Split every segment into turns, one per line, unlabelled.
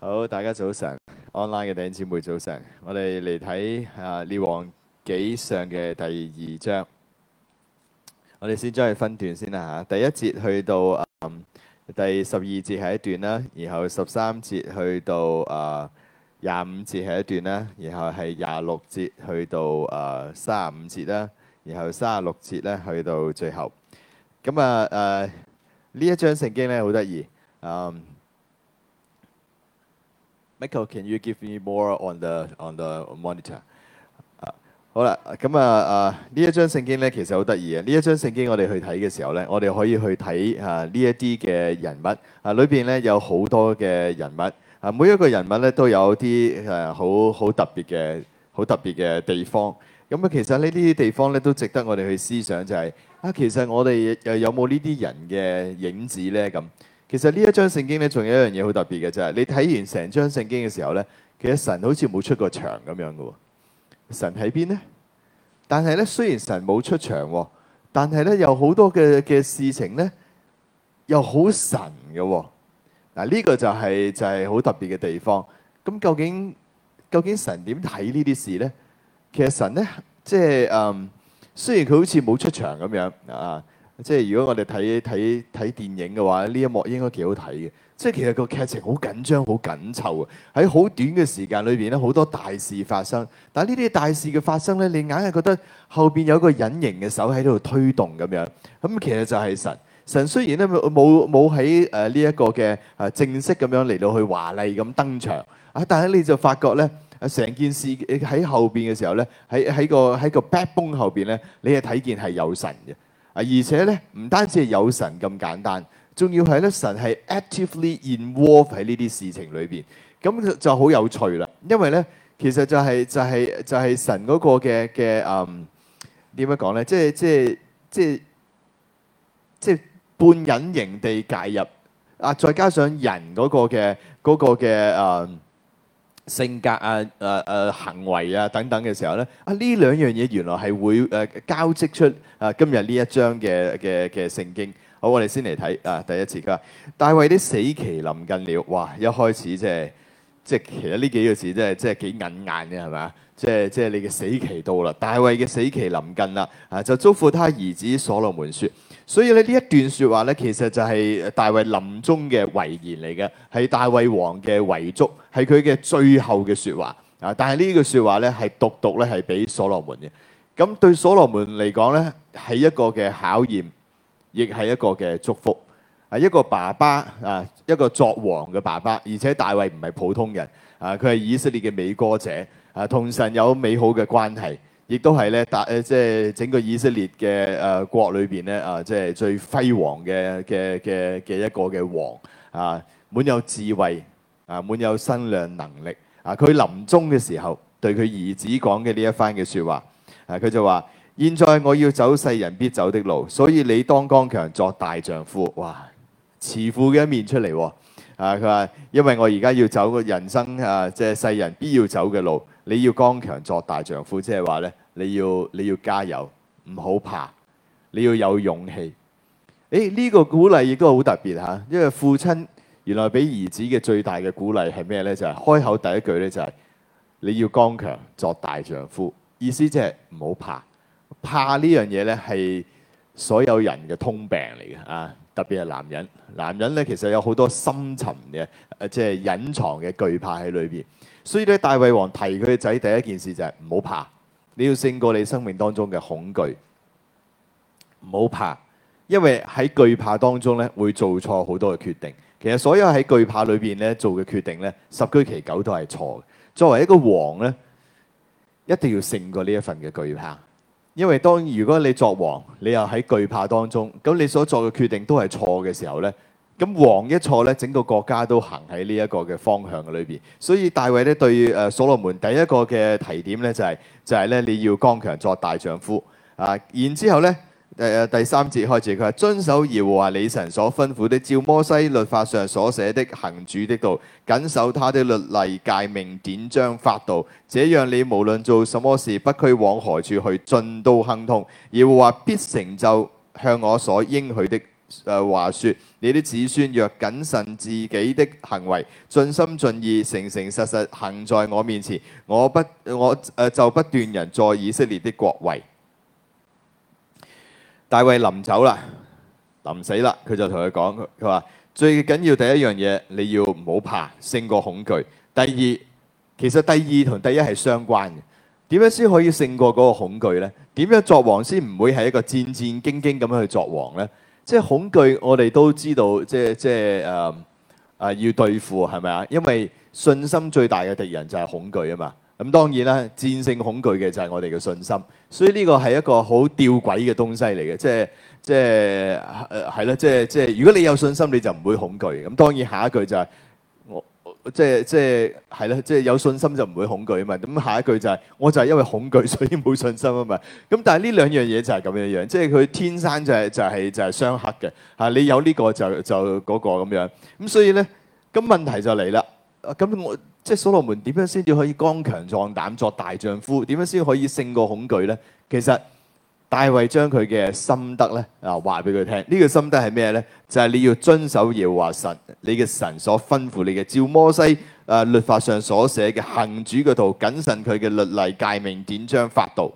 好，大家早晨，online 嘅弟兄姊妹早晨，我哋嚟睇啊列王紀上嘅第二章，我哋先將佢分段先啦嚇、啊，第一節去到、嗯、第十二節係一段啦，然後十三節去到啊廿五節係一段啦，然後係廿六節去到啊三十五節啦，然後三十六節咧去到最後，咁啊誒呢、啊、一章聖經咧好得意啊！Michael，can you give me more on the on the monitor？好啦，咁啊啊呢一章聖經咧，其實好得意啊。呢一章聖經我哋去睇嘅時候咧，我哋可以去睇啊呢一啲嘅人物啊，裏邊咧有好多嘅人物啊，每一個人物咧都有啲誒好好特別嘅好特別嘅地方。咁啊，其實呢啲地方咧都值得我哋去思想，就係啊，其實我哋誒有冇呢啲人嘅影子咧咁。其實呢一張聖經咧，仲有一樣嘢好特別嘅，就係你睇完成張聖經嘅時候咧，其實神好似冇出過場咁樣嘅。神喺邊呢？但係咧，雖然神冇出場，但係咧，有好多嘅嘅事情咧，又好神嘅。嗱，呢個就係就係好特別嘅地方。咁究竟究竟神點睇呢啲事咧？其實神咧，即係嗯，雖然佢好似冇出場咁樣啊。即係如果我哋睇睇睇電影嘅話，呢一幕應該幾好睇嘅。即係其實個劇情好緊張、好緊湊啊！喺好短嘅時間裏邊咧，好多大事發生。但係呢啲大事嘅發生咧，你硬係覺得後邊有個隱形嘅手喺度推動咁樣。咁其實就係神。神雖然咧冇冇冇喺誒呢一個嘅誒正式咁樣嚟到去華麗咁登場啊，但係你就發覺咧，成件事喺後邊嘅時候咧，喺喺個喺個 backbone 後邊咧，你係睇見係有神嘅。而且咧，唔單止係有神咁簡單，仲要係咧，神係 actively involved 喺呢啲事情裏邊，咁就好有趣啦。因為咧，其實就係就係就係神嗰個嘅嘅嗯點樣講咧？即即即即半隱形地介入啊！再加上人嗰個嘅嗰個嘅啊～性格啊，誒誒行為啊，等等嘅時候咧，啊呢兩樣嘢原來係會誒交織出啊今日呢一章嘅嘅嘅聖經。好，我哋先嚟睇啊第一次佢話，大衛的死期臨近了。哇！一開始即係即係其實呢幾個字即係即係幾眼眼嘅係咪啊？即係即係你嘅死期到啦，大衛嘅死期臨近啦。啊就囑咐他兒子所羅門説。所以呢一段説話咧，其實就係大衛臨終嘅遺言嚟嘅，係大衛王嘅遺囑，係佢嘅最後嘅説話啊！但係呢句説話咧，係獨獨咧係俾所羅門嘅。咁對所羅門嚟講咧，係一個嘅考驗，亦係一個嘅祝福啊！一個爸爸啊，一個作王嘅爸爸，而且大衛唔係普通人啊，佢係以色列嘅美歌者啊，同神有美好嘅關係。亦都係咧，大誒即係整個以色列嘅誒國裏邊咧，啊即係最輝煌嘅嘅嘅嘅一個嘅王啊，滿有智慧啊，滿有身量能力啊。佢臨終嘅時候對佢兒子講嘅呢一番嘅説話啊，佢就話：現在我要走世人必走的路，所以你當剛強作大丈夫。哇，慈父嘅一面出嚟喎！啊，佢話因為我而家要走個人生啊，即係世人必要走嘅路。你要剛強作大丈夫，即係話呢，你要你要加油，唔好怕，你要有勇氣。誒呢、呢個鼓勵亦都好特別嚇，因為父親原來俾兒子嘅最大嘅鼓勵係咩呢？就係、係、開口第一句呢、就係，就係你要剛強作大丈夫，意思即係唔好怕，怕呢樣嘢呢，係所有人嘅通病嚟嘅啊！特別係男人，男人咧其實有好多深沉嘅，誒即係隱藏嘅懼怕喺裏邊。所以咧，大衛王提佢嘅仔第一件事就係唔好怕，你要勝過你生命當中嘅恐懼，唔好怕，因為喺懼怕當中咧會做錯好多嘅決定。其實所有喺懼怕裏邊咧做嘅決定咧，十居其九都係錯嘅。作為一個王咧，一定要勝過呢一份嘅懼怕。因為當如果你作王，你又喺懼怕當中，咁你所作嘅決定都係錯嘅時候咧，咁王一錯咧，整個國家都行喺呢一個嘅方向裏邊。所以大衛咧對誒所羅門第一個嘅提點咧就係就係咧你要剛強作大丈夫啊！然之後咧。第三節開始，佢話遵守耶和華你神所吩咐的，照摩西律法上所寫的行主的道，謹守他的律例、誡命、典章、法度，這樣你無論做什麼事，不拘往何處去，盡都亨通。耶和華必成就向我所應許的誒、呃、話説：你的子孫若謹慎自己的行為，盡心盡意誠誠實實實行在我面前，我不我誒、呃、就不斷人在以色列的國位。大衛臨走啦，臨死啦，佢就同佢講，佢佢話最緊要第一樣嘢，你要唔好怕，勝過恐懼。第二，其實第二同第一係相關嘅。點樣先可以勝過嗰個恐懼呢？點樣作王先唔會係一個戰戰兢兢咁樣去作王呢？即係恐懼，我哋都知道，即係即係誒、呃呃、要對付係咪啊？因為信心最大嘅敵人就係恐懼啊嘛。咁當然啦，戰勝恐懼嘅就係我哋嘅信心，所以呢個係一個好吊詭嘅東西嚟嘅，即係即係誒係啦，即係即係如果你有信心，你就唔會恐懼。咁當然下一句就係我即係即係係啦，即係有信心就唔會恐懼啊嘛。咁下一句就係我就係因為恐懼所以冇信心啊嘛。咁但係呢兩樣嘢就係咁樣樣，即係佢天生就係就係就係相剋嘅嚇。你有呢個就就嗰個咁樣。咁所以咧，咁問題就嚟啦。咁我即係所羅門點樣先至可以剛強壯膽作大丈夫？點樣先可以勝過恐懼呢？其實大衛將佢嘅心得呢啊，話俾佢聽，呢、呃呢個心得係咩呢？就係、是、你要遵守耶和華神，你嘅神所吩咐你嘅，照摩西啊、呃、律法上所寫嘅行主嘅道，謹慎佢嘅律例、誡命、典章、法度。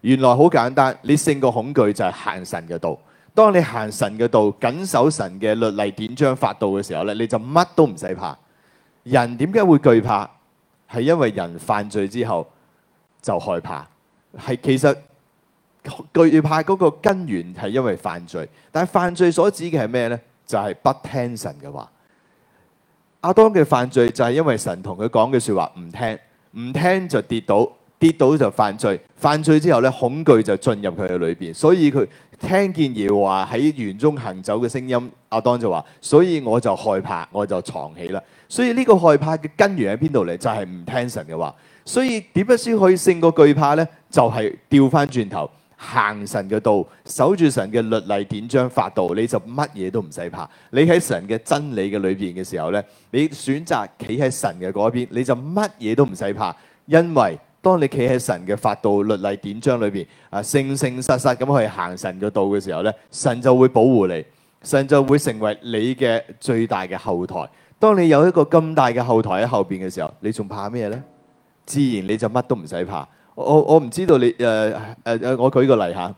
原來好簡單，你勝過恐懼就係行神嘅道。當你行神嘅道，謹守神嘅律例、典章、法度嘅時候呢，你就乜都唔使怕。人點解會懼怕？係因為人犯罪之後就害怕。係其實懼怕嗰個根源係因為犯罪，但係犯罪所指嘅係咩呢？就係、是、不聽神嘅話。阿當嘅犯罪就係因為神同佢講嘅説話唔聽，唔聽就跌倒，跌倒就犯罪。犯罪之後咧，恐懼就進入佢嘅裏邊，所以佢聽見耶華喺園中行走嘅聲音，阿當就話，所以我就害怕，我就藏起啦。所以呢個害怕嘅根源喺邊度嚟？就係、是、唔聽神嘅話。所以點樣先可以勝過懼怕呢？就係調翻轉頭行神嘅道，守住神嘅律例典章法度，你就乜嘢都唔使怕。你喺神嘅真理嘅裏邊嘅時候呢，你選擇企喺神嘅嗰邊，你就乜嘢都唔使怕。因為當你企喺神嘅法度律例典章裏邊啊，誠誠實實咁去行神嘅道嘅時候呢，神就會保護你，神就會成為你嘅最大嘅後台。當你有一個咁大嘅後台喺後邊嘅時候，你仲怕咩呢？自然你就乜都唔使怕。我我唔知道你誒誒誒，我舉個例嚇。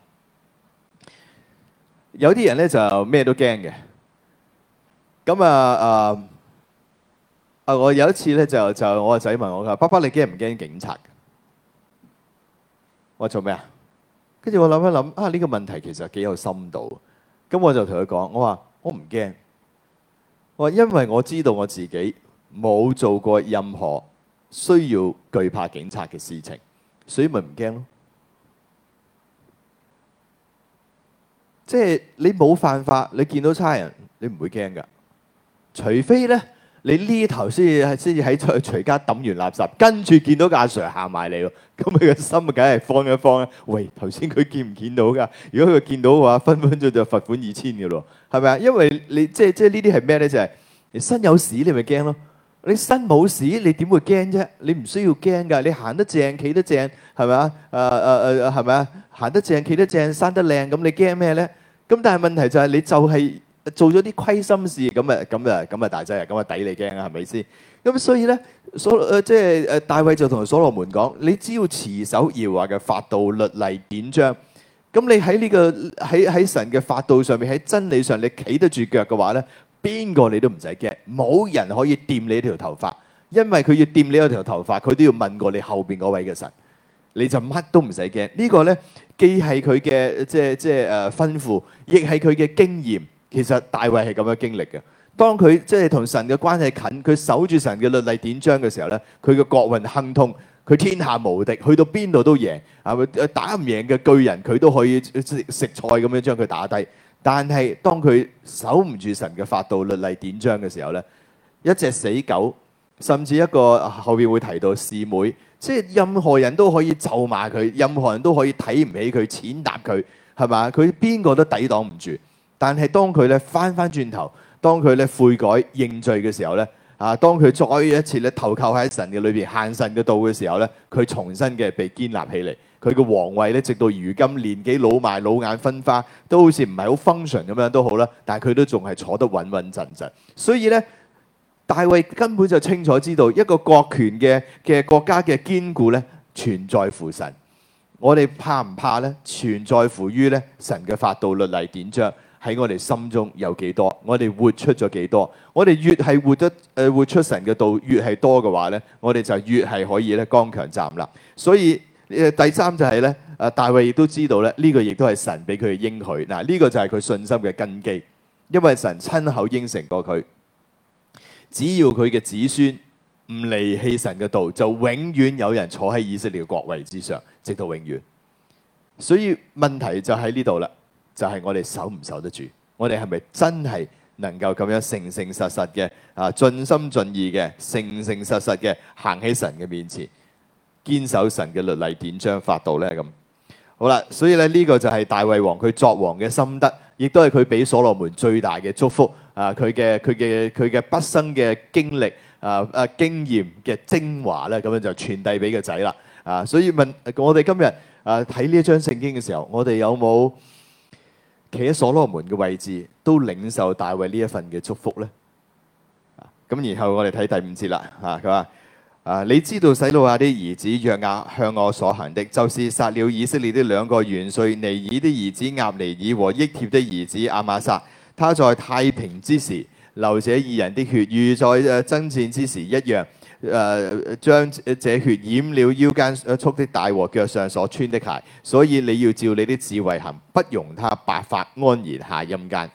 有啲人呢就咩都驚嘅。咁啊啊啊！我有一次呢就就我個仔問我㗎，爸爸你驚唔驚警察？我做咩啊？跟住我諗一諗啊，呢個問題其實幾有深度。咁我就同佢講，我話我唔驚。因為我知道我自己冇做過任何需要懼怕警察嘅事情，所以咪唔驚咯。即係你冇犯法，你見到差人你唔會驚㗎，除非呢。你呢頭先至先至喺在徐家抌完垃圾，跟住見到阿 sir 行埋嚟咯，咁佢嘅心啊梗係慌一慌啦。喂，頭先佢見唔見到㗎？如果佢見到嘅話，分分鐘就罰款二千嘅咯，係咪啊？因為你即即即呢啲係咩咧？就係你身有屎你咪驚咯，你身冇屎你點會驚啫？你唔需要驚㗎，你行得正企得正係咪啊？誒誒誒係咪啊？行得正企得正，生得靚，咁你驚咩咧？咁但係問題就係你就係。做咗啲虧心事咁啊，咁啊，咁啊，大劑啊，咁啊，抵你驚啊，係咪先？咁所以咧，所誒、呃、即係誒，大、呃、衛就同所羅門講：你只要持守耶和華嘅法度、律例、典章，咁你喺呢、這個喺喺神嘅法度上面，喺真理上，你企得住腳嘅話咧，邊個你都唔使驚，冇人可以掂你條頭髮，因為佢要掂你嗰條頭髮，佢都要問過你後邊嗰位嘅神，你就乜都唔使驚。這個、呢個咧既係佢嘅即係即係誒、呃、吩咐，亦係佢嘅經驗。其實大衛係咁樣經歷嘅。當佢即係同神嘅關係近，佢守住神嘅律例典章嘅時候呢，佢嘅國運亨通，佢天下無敵，去到邊度都贏，係打唔贏嘅巨人，佢都可以食，食菜咁樣將佢打低。但係當佢守唔住神嘅法度律例典章嘅時候呢，一隻死狗，甚至一個後邊會提到示每，即係任何人都可以咒罵佢，任何人都可以睇唔起佢，踐踏佢，係咪？佢邊個都抵擋唔住。但係當佢咧翻翻轉頭，當佢咧悔改認罪嘅時候咧，啊！當佢再一次咧投靠喺神嘅裏邊，行神嘅道嘅時候咧，佢重新嘅被建立起嚟。佢嘅王位咧，直到如今年紀老埋、老眼昏花，都好似唔係好 function 咁樣都好啦。但係佢都仲係坐得穩穩陣陣。所以咧，大衛根本就清楚知道一個國權嘅嘅國家嘅堅固咧，全在乎神。我哋怕唔怕咧？全在乎於咧神嘅法度律例典章。喺我哋心中有幾多？我哋活出咗幾多？我哋越係活得誒、呃、活出神嘅道越係多嘅話呢，我哋就越係可以咧剛強站立。所以誒、呃、第三就係咧，阿、啊、大衛亦都知道咧，呢、這個亦都係神俾佢嘅應許嗱，呢、啊這個就係佢信心嘅根基，因為神親口應承過佢，只要佢嘅子孫唔離棄神嘅道，就永遠有人坐喺以色列國位之上，直到永遠。所以問題就喺呢度啦。就係我哋守唔守得住？我哋係咪真係能夠咁樣誠誠實實嘅啊，盡心盡意嘅誠誠實實嘅行喺神嘅面前，堅守神嘅律例典章法度呢？咁好啦，所以咧呢、呢個就係大衛王佢作王嘅心得，亦都係佢俾所羅門最大嘅祝福啊！佢嘅佢嘅佢嘅畢生嘅經歷啊經驗啊經驗嘅精華咧，咁樣就傳遞俾個仔啦啊！所以問我哋今日啊睇呢一張聖經嘅時候，我哋有冇？企喺所羅門嘅位置，都領受大衛呢一份嘅祝福呢？咁、啊、然後我哋睇第五節啦。啊，佢話：啊，你知道洗魯亞的兒子約押向我所行的，就是殺了以色列的兩個元帥尼珥的兒子押尼珥和益帖的兒子亞瑪撒。他在太平之時流這二人的血，如在誒爭戰之時一樣。誒將、啊、這血染了腰間所束的大和腳上所穿的鞋。所以你要照你的智慧行，不容他白發安然下陰間。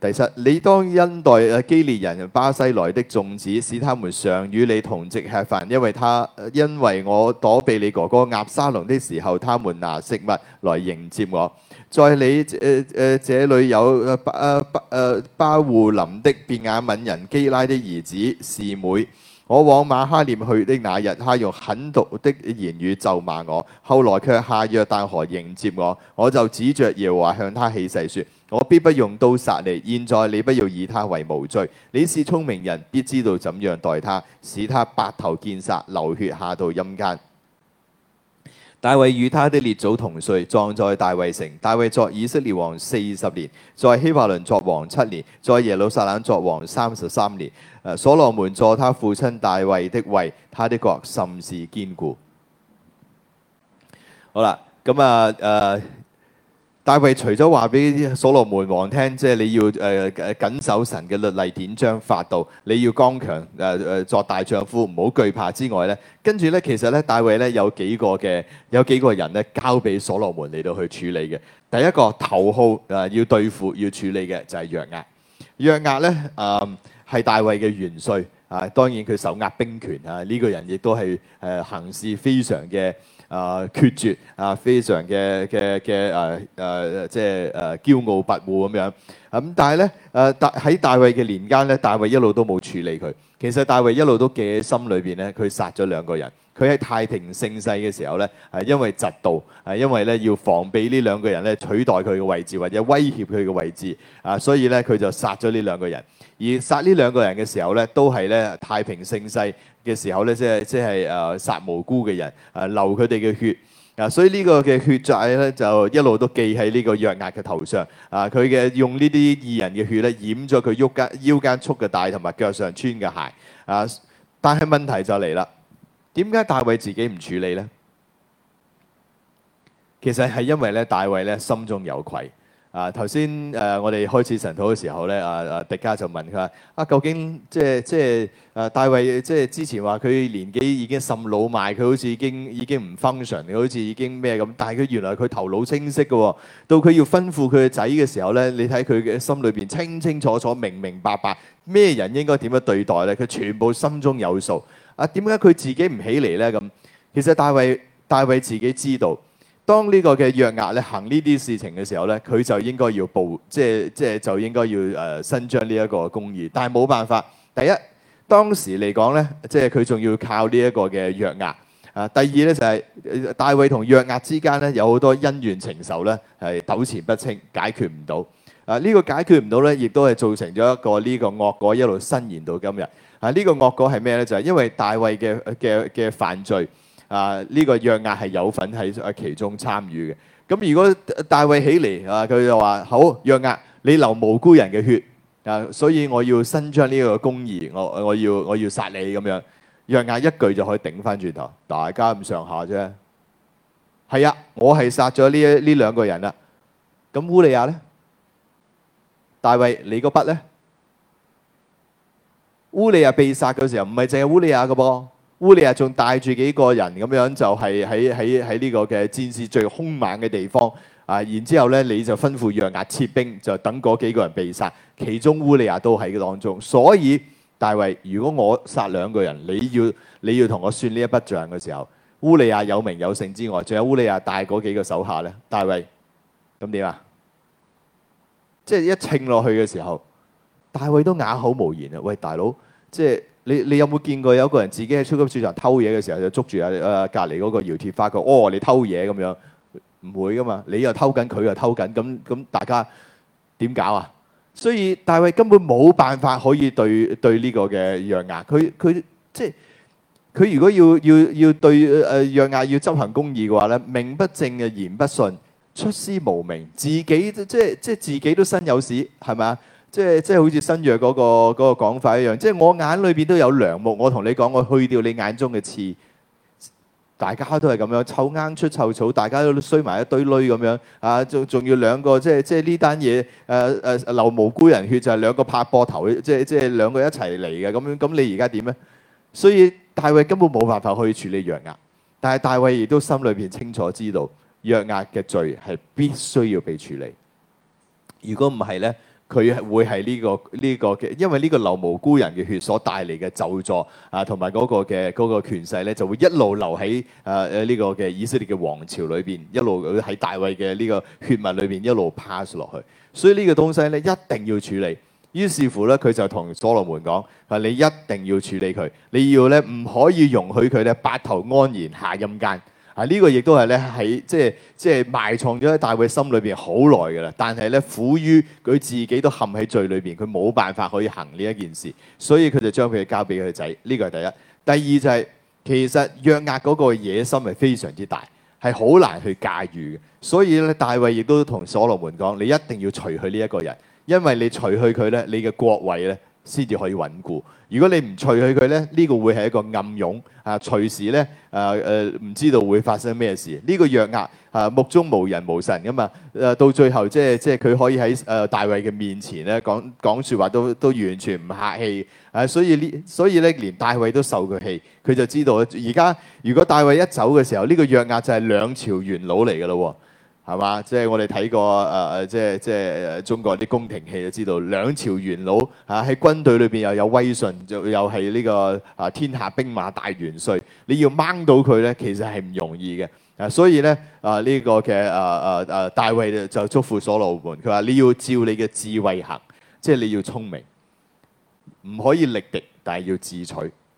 第七，你當恩待基列人巴西萊的眾子，使他們常與你同席吃飯，因為他因為我躲避你哥哥押沙龍的時候，他們拿食物來迎接我。在你誒誒這裡有、呃呃呃、巴誒巴誒巴戶林的別雅敏人基拉的兒子士妹，我往馬哈念去的那日，他用狠毒的言語咒罵我，後來卻下約但河迎接我，我就指着耶和華向他起誓說：“我必不用刀殺你，現在你不要以他為無罪，你是聰明人，必知道怎樣待他，使他白頭見殺，流血下到陰間。”大衛與他的列祖同睡，葬在大衛城。大衛作以色列王四十年，在希伯崙作王七年，在耶路撒冷作王三十三年。誒、呃，所羅門坐他父親大衛的位，他的國甚是堅固。好啦，咁啊誒。呃呃大衛除咗話俾所羅門王聽，即係你要誒誒謹守神嘅律例典章法度，你要剛強誒誒作大丈夫，唔好懼怕之外咧，跟住咧其實咧大衛咧有幾個嘅有幾個人咧交俾所羅門嚟到去處理嘅。第一個頭號誒、呃、要對付要處理嘅就係約押。約押咧誒係大衛嘅元帥啊、呃，當然佢手握兵權啊。呢、呃這個人亦都係誒、呃、行事非常嘅。啊決絕啊，非常嘅嘅嘅誒誒，即係誒驕傲跋扈咁樣。咁但係咧誒大喺大衛嘅年間咧，大衛一路都冇處理佢。其實大衛一路都記喺心裏邊咧，佢殺咗兩個人。佢喺太平盛世嘅時候咧，係、啊、因為嫉妒，係、啊、因為咧要防備呢兩個人咧取代佢嘅位置或者威脅佢嘅位置啊，所以咧佢就殺咗呢兩個人。而殺呢兩個人嘅時候咧，都係咧太平盛世嘅時候咧，即係即係誒殺無辜嘅人，誒流佢哋嘅血。啊，所以呢個嘅血債咧，就一路都記喺呢個約押嘅頭上。啊，佢嘅用呢啲義人嘅血咧，染咗佢腰間腰間束嘅帶同埋腳上穿嘅鞋。啊，但係問題就嚟啦，點解大衛自己唔處理咧？其實係因為咧，大衛咧心中有愧。啊，頭先誒我哋開始神討嘅時候咧，啊啊迪加就問佢啊，究竟即係即係誒大衛即係之前話佢年紀已經甚老邁，佢好似已經已經唔 function，佢好似已經咩咁？但係佢原來佢頭腦清晰嘅。哦，到佢要吩咐佢嘅仔嘅時候咧，你睇佢嘅心裏邊清清楚楚、明明白白，咩人應該點樣對待咧？佢全部心中有數。啊，點解佢自己唔起嚟咧？咁其實大衛大衛自己知道。當呢個嘅約押咧行呢啲事情嘅時候咧，佢就應該要報，即係即係就應該要誒伸張呢一個公義。但係冇辦法，第一，當時嚟講咧，即係佢仲要靠呢一個嘅約押啊。第二咧，就係大衛同約押之間咧有好多恩怨情仇咧係糾纏不清，解決唔到啊。呢個解決唔到咧，亦都係造成咗一個呢個惡果一路伸延到今日啊。呢個惡果係咩咧？就係因為大衛嘅嘅嘅犯罪。啊！呢個約押係有份喺啊其中參與嘅。咁如果大衛起嚟啊，佢就話：好，約押，你流無辜人嘅血啊！所以我要伸張呢個公義，我我要我要殺你咁樣。約押一句就可以頂翻轉頭，大家咁上下啫。係啊，我係殺咗呢呢兩個人啊。咁烏利亞咧，大衛你個筆咧，烏利亞被殺嘅時候，唔係淨係烏利亞嘅噃。烏利亞仲帶住幾個人咁樣就，就係喺喺喺呢個嘅戰事最兇猛嘅地方啊！然之後咧，你就吩咐約押撤兵，就等嗰幾個人被殺。其中烏利亞都喺當中，所以大衛，如果我殺兩個人，你要你要同我算呢一筆賬嘅時候，烏利亞有名有姓之外，仲有烏利亞帶嗰幾個手下咧，大衛咁點啊？即係、就是、一稱落去嘅時候，大衛都啞口無言啊！喂，大佬，即、就、係、是。你你有冇見過有一個人自己喺超級市場偷嘢嘅時候就捉住啊，啊隔籬嗰個搖鐵發覺，哦你偷嘢，咁樣唔會噶嘛，你又偷緊，佢又偷緊，咁咁大家點搞啊？所以大衛根本冇辦法可以對對呢個嘅約押，佢佢即係佢如果要要要對誒約押要執行公義嘅話咧，名不正嘅言不順，出師無名，自己即即即，即自己都身有屎係咪啊？即係即係好似新約嗰個嗰個講法一樣，即係我眼裏邊都有樑木。我同你講，我去掉你眼中嘅刺，大家都係咁樣，臭罌出臭草，大家都衰埋一堆堆咁樣啊！仲仲要兩個即係即係呢單嘢誒誒流無辜人血，就係兩個拍膊頭，即係即係兩個一齊嚟嘅咁樣。咁你而家點咧？所以大衛根本冇辦法可以處理約押，但係大衛亦都心裏邊清楚知道約押嘅罪係必須要被處理。如果唔係咧？佢會係呢、這個呢、這個嘅，因為呢個流無辜人嘅血所帶嚟嘅就咒詛啊，同埋嗰個嘅嗰、那個權勢咧，就會一路留喺誒誒呢個嘅以色列嘅王朝裏邊，一路喺大衛嘅呢個血脈裏邊一路 pass 落去。所以呢個東西咧一定要處理。於是乎咧，佢就同所羅門講：你一定要處理佢，你要咧唔可以容許佢咧白頭安然下陰間。啊！呢個亦都係咧喺即係即係埋藏咗喺大衛心裏邊好耐㗎啦。但係咧苦於佢自己都陷喺罪裏邊，佢冇辦法可以行呢一件事，所以佢就將佢交俾佢仔。呢、呢個係第一，第二就係、是、其實約押嗰個野心係非常之大，係好難去駕馭嘅。所以咧，大衛亦都同所羅門講：你一定要除去呢一個人，因為你除去佢咧，你嘅國位咧。先至可以穩固。如果你唔除去佢咧，呢個會係一個暗湧啊！隨時咧誒誒，唔知道會發生咩事。呢個約押啊，目中無人無神噶嘛誒，到最後即係即係佢可以喺誒大衛嘅面前咧講講説話都都完全唔客氣啊！所以，所以呢，所以咧連大衛都受佢氣，佢就知道而家如果大衛一走嘅時候，呢個約押就係兩朝元老嚟噶咯喎。係嘛？即係我哋睇過誒誒，即係即係中國啲宮廷戲就知道，兩朝元老嚇喺，啊，軍隊裏邊又有威信，就又係呢個啊天下兵馬大元帥。你要掹到佢咧，其實係唔容易嘅啊。所以咧啊，呢個嘅啊啊啊，大衛就祝福所羅門，佢話你要照你嘅智慧行，即係你要聰明，唔可以力敵，但係要智取。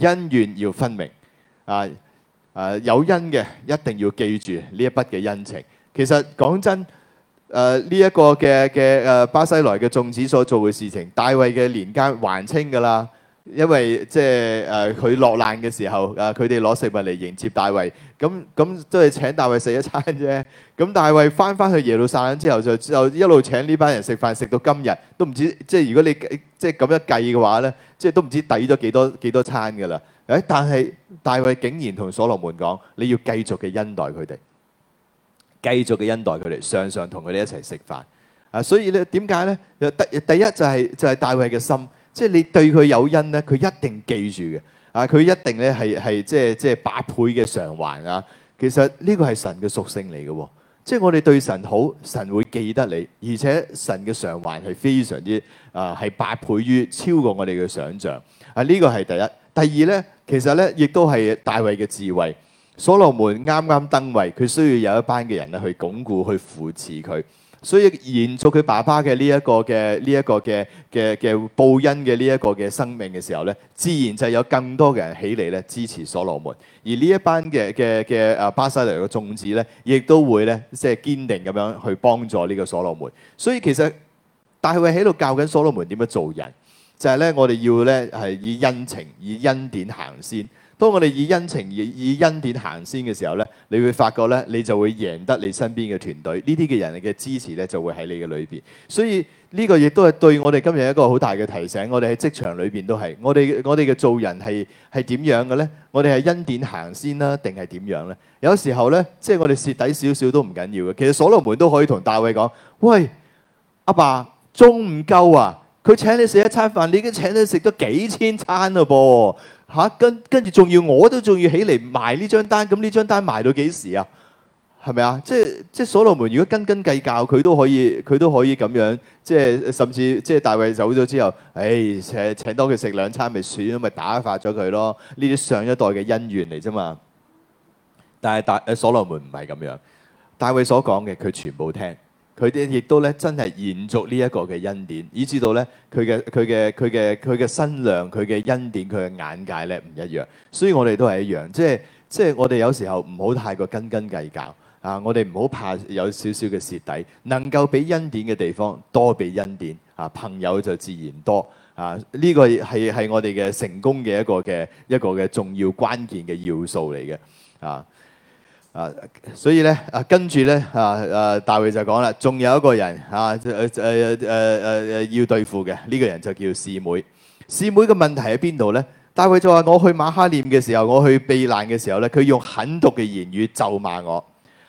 恩怨要分明，啊啊有恩嘅一定要記住呢一筆嘅恩情。其實講真，誒呢一個嘅嘅誒巴西萊嘅眾子所做嘅事情，大衛嘅年間還清㗎啦。因為即係誒佢落難嘅時候，啊佢哋攞食物嚟迎接大衛，咁咁都係請大衛食一餐啫。咁大衛翻翻去耶路撒冷之後，就就一路請呢班人食飯，食到今日都唔知。即係如果你即係咁樣計嘅話咧。即係都唔知抵咗幾多幾多餐嘅啦。誒，但係大衛竟然同所羅門講，你要繼續嘅恩待佢哋，繼續嘅恩待佢哋，常常同佢哋一齊食飯啊。所以咧，點解咧？第第一就係就係大衛嘅心，即係你對佢有恩咧，佢一定記住嘅啊。佢一定咧係係即係即係百倍嘅償還啊。其實呢個係神嘅屬性嚟嘅喎。即係我哋對神好，神會記得你，而且神嘅償還係非常之啊，係、呃、百倍於超過我哋嘅想象。啊，呢、這個係第一。第二呢，其實呢，亦都係大衛嘅智慧。所羅門啱啱登位，佢需要有一班嘅人咧去鞏固、去扶持佢。所以延續佢爸爸嘅呢一個嘅呢一個嘅嘅嘅報恩嘅呢一個嘅生命嘅時候咧，自然就有更多嘅人起嚟咧支持所羅門，而呢一班嘅嘅嘅啊巴西萊嘅眾子咧，亦都會咧即係堅定咁樣去幫助呢個所羅門。所以其實大衛喺度教緊所羅門點樣做人，就係、是、咧我哋要咧係以恩情以恩典行先，當我哋以恩情而以，以恩典行先嘅時候呢，你會發覺呢，你就會贏得你身邊嘅團隊，呢啲嘅人嘅支持呢，就會喺你嘅裏邊。所以呢、這個亦都係對我哋今日一個好大嘅提醒。我哋喺職場裏邊都係，我哋我哋嘅做人係係點樣嘅呢？我哋係恩典行先啦、啊，定係點樣呢？有時候呢，即係我哋蝕底少少都唔緊要嘅。其實所羅門都可以同大衛講：，喂，阿爸，爸，鐘唔夠啊？佢請你食一餐飯，你已經請佢食咗幾千餐啦噃。嚇、啊，跟跟住仲要我都仲要起嚟賣呢張單，咁呢張單賣到幾時啊？係咪啊？即係即係所羅門如果斤斤計較，佢都可以佢都可以咁樣，即係甚至即係大衛走咗之後，誒、哎、請請多佢食兩餐咪算，咪打發咗佢咯。呢啲上一代嘅恩怨嚟啫嘛。但係大誒所羅門唔係咁樣，大衛所講嘅佢全部聽。佢哋亦都咧真係延續呢一個嘅恩典，以至到咧佢嘅佢嘅佢嘅佢嘅身量、佢嘅恩典、佢嘅眼界咧唔一樣。所以我哋都係一樣，即係即係我哋有時候唔好太過斤斤計較啊！我哋唔好怕有少少嘅蝕底，能夠俾恩典嘅地方多俾恩典啊，朋友就自然多啊！呢個係係我哋嘅成功嘅一個嘅一個嘅重要關鍵嘅要素嚟嘅啊！啊，所以咧啊，跟住咧啊啊，大衛就講啦，仲有一個人啊，誒誒誒誒要對付嘅呢，這個人就叫示每。示每嘅問題喺邊度咧？大衛就話我去馬哈念嘅時候，我去避難嘅時候咧，佢用狠毒嘅言語咒罵我。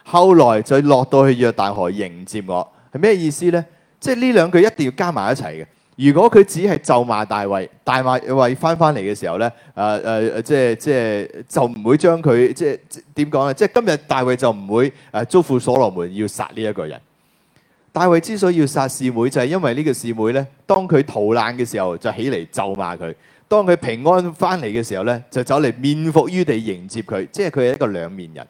後來就落到去約旦河迎接我，係咩意思咧？即係呢兩句一定要加埋一齊嘅。如果佢只係咒罵大衛，大衛翻翻嚟嘅時候咧，誒、呃、誒、呃、即係即係就唔會將佢即係點講咧？即係今日大衛就唔會誒囑咐所羅門要殺呢一個人。大衛之所以要殺侍妹，就係因為個呢個侍妹咧，當佢逃難嘅時候就起嚟咒罵佢，當佢平安翻嚟嘅時候咧就走嚟面伏於地迎接佢，即係佢係一個兩面人。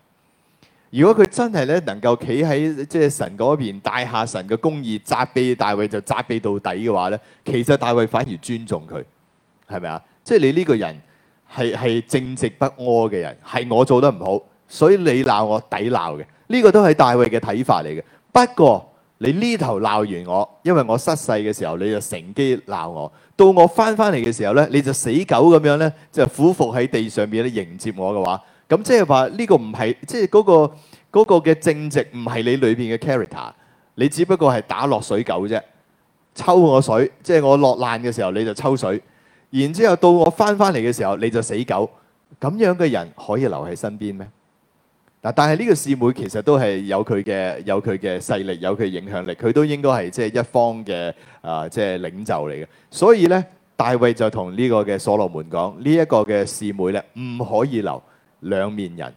如果佢真係咧能夠企喺即係神嗰邊大下神嘅公義，責備大衛就責備到底嘅話咧，其實大衛反而尊重佢，係咪啊？即係你呢個人係係正直不阿嘅人，係我做得唔好，所以你鬧我抵鬧嘅。呢、這個都係大衛嘅睇法嚟嘅。不過你呢頭鬧完我，因為我失勢嘅時候你就乘機鬧我，到我翻翻嚟嘅時候咧，你就死狗咁樣咧就俯伏喺地上面咧迎接我嘅話。咁即係話呢個唔係即係嗰個嗰個嘅正直，唔係你裏邊嘅 character。你只不過係打落水狗啫，抽我水，即係我落難嘅時候你就抽水，然之後到我返返嚟嘅時候你就死狗。咁樣嘅人可以留喺身邊咩嗱？但係呢個示每其實都係有佢嘅有佢嘅勢力，有佢影響力，佢都應該係即係一方嘅啊，即係領袖嚟嘅。所以咧，大衛就同呢個嘅所羅門講呢一個嘅示每咧，唔可以留。兩面人，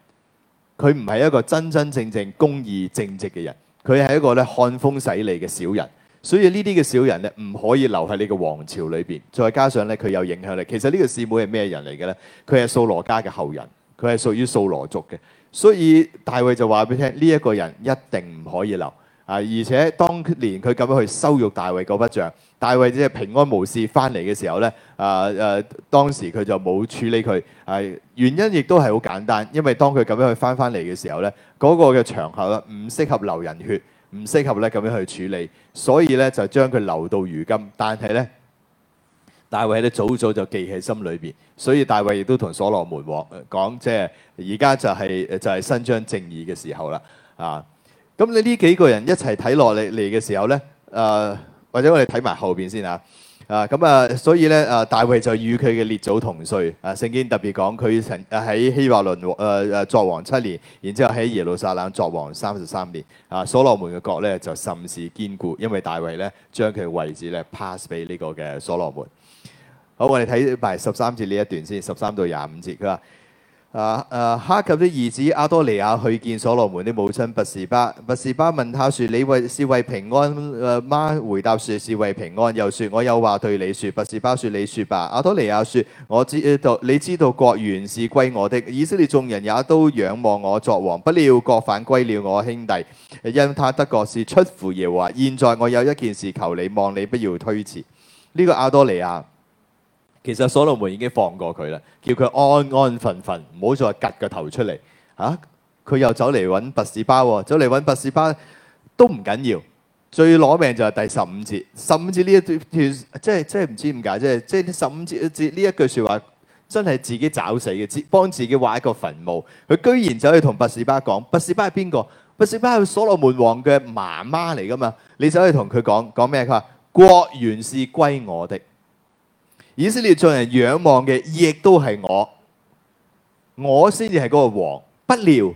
佢唔係一個真真正正公義正直嘅人，佢係一個咧看風使利嘅小人。所以呢啲嘅小人咧，唔可以留喺呢個皇朝裏邊。再加上咧，佢有影響力。其實呢個示每係咩人嚟嘅呢？佢係掃羅家嘅後人，佢係屬於掃羅族嘅。所以大衛就話俾你聽，呢、這、一個人一定唔可以留。啊、而且當年佢咁樣去羞辱大衛嗰筆帳，大衛即係平安無事翻嚟嘅時候呢，啊誒、啊，當時佢就冇處理佢。係、啊、原因亦都係好簡單，因為當佢咁樣去翻翻嚟嘅時候呢，嗰、嗰個嘅場合啦，唔適合流人血，唔適合咧咁樣去處理，所以呢就將佢留到如今。但係呢，大衛咧早早就記喺心裏邊，所以大衛亦都同所羅門王講，即係而家就係、係、就係、係、伸張正義嘅時候啦，啊！咁你呢幾個人一齊睇，落嚟、嚟嘅時候呢，誒、呃、或者我哋睇埋後邊先啊，啊咁啊，所以呢，誒、啊、大衛就與佢嘅列祖同睡，啊聖經特別講佢曾喺希伯倫誒誒、啊、作王七年，然之後喺耶路撒冷作王三十三年，啊所羅門嘅國呢，就甚是堅固，因為大衛呢將佢嘅位置呢 pass 俾呢個嘅所羅門。好，我哋睇埋十三節呢一段先，十三到廿五節啊。啊！啊哈及啲兒子亞多尼雅去見所羅門啲母親拔示巴，拔示巴問他説：你為是為平安？誒、啊、媽回答説：是為平安。又説：我有話對你説。拔示巴説：你説吧。亞多尼雅説：我知道，你知道國原是歸我的，以色列眾人也都仰望我作王。不料國反歸了我兄弟，因他得國是出乎耶和華。現在我有一件事求你，望你不要推辭。呢、這個亞多尼雅。其實所羅門已經放過佢啦，叫佢安安分分，唔好再夾個頭出嚟。嚇、啊，佢又走嚟揾拔士巴喎，走嚟揾拔士巴都唔緊要。最攞命就係第十五節，十五節呢一段即係即係唔知點解，即係即係十五節呢一句説話，真係自己找死嘅，幫自己畫一個墳墓。佢居然走去同拔士巴講，拔士巴係邊個？拔士巴係所羅門王嘅媽媽嚟噶嘛？你走去同佢講講咩？佢話國原是歸我的。以色列眾人仰望嘅，亦都係我，我先至係嗰個王。不料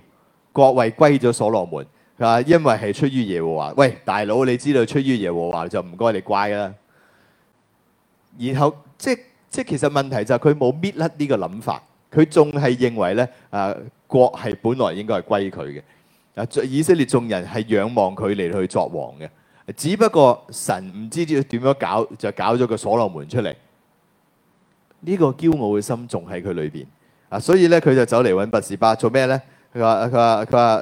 國位歸咗所羅門，吓，因為係出於耶和華。喂，大佬，你知道出於耶和華就唔該你乖啦。然後即即，即其實問題就係佢冇搣甩呢個諗法，佢仲係認為咧，誒、啊、國係本來應該係歸佢嘅。啊，以色列眾人係仰望佢嚟,去作王嘅，只不過神唔知點點樣搞，就搞咗個所羅門出嚟。.呢個驕傲嘅心仲喺佢裏邊啊，所以咧佢就走嚟揾拔士巴做咩呢？佢話佢話佢話，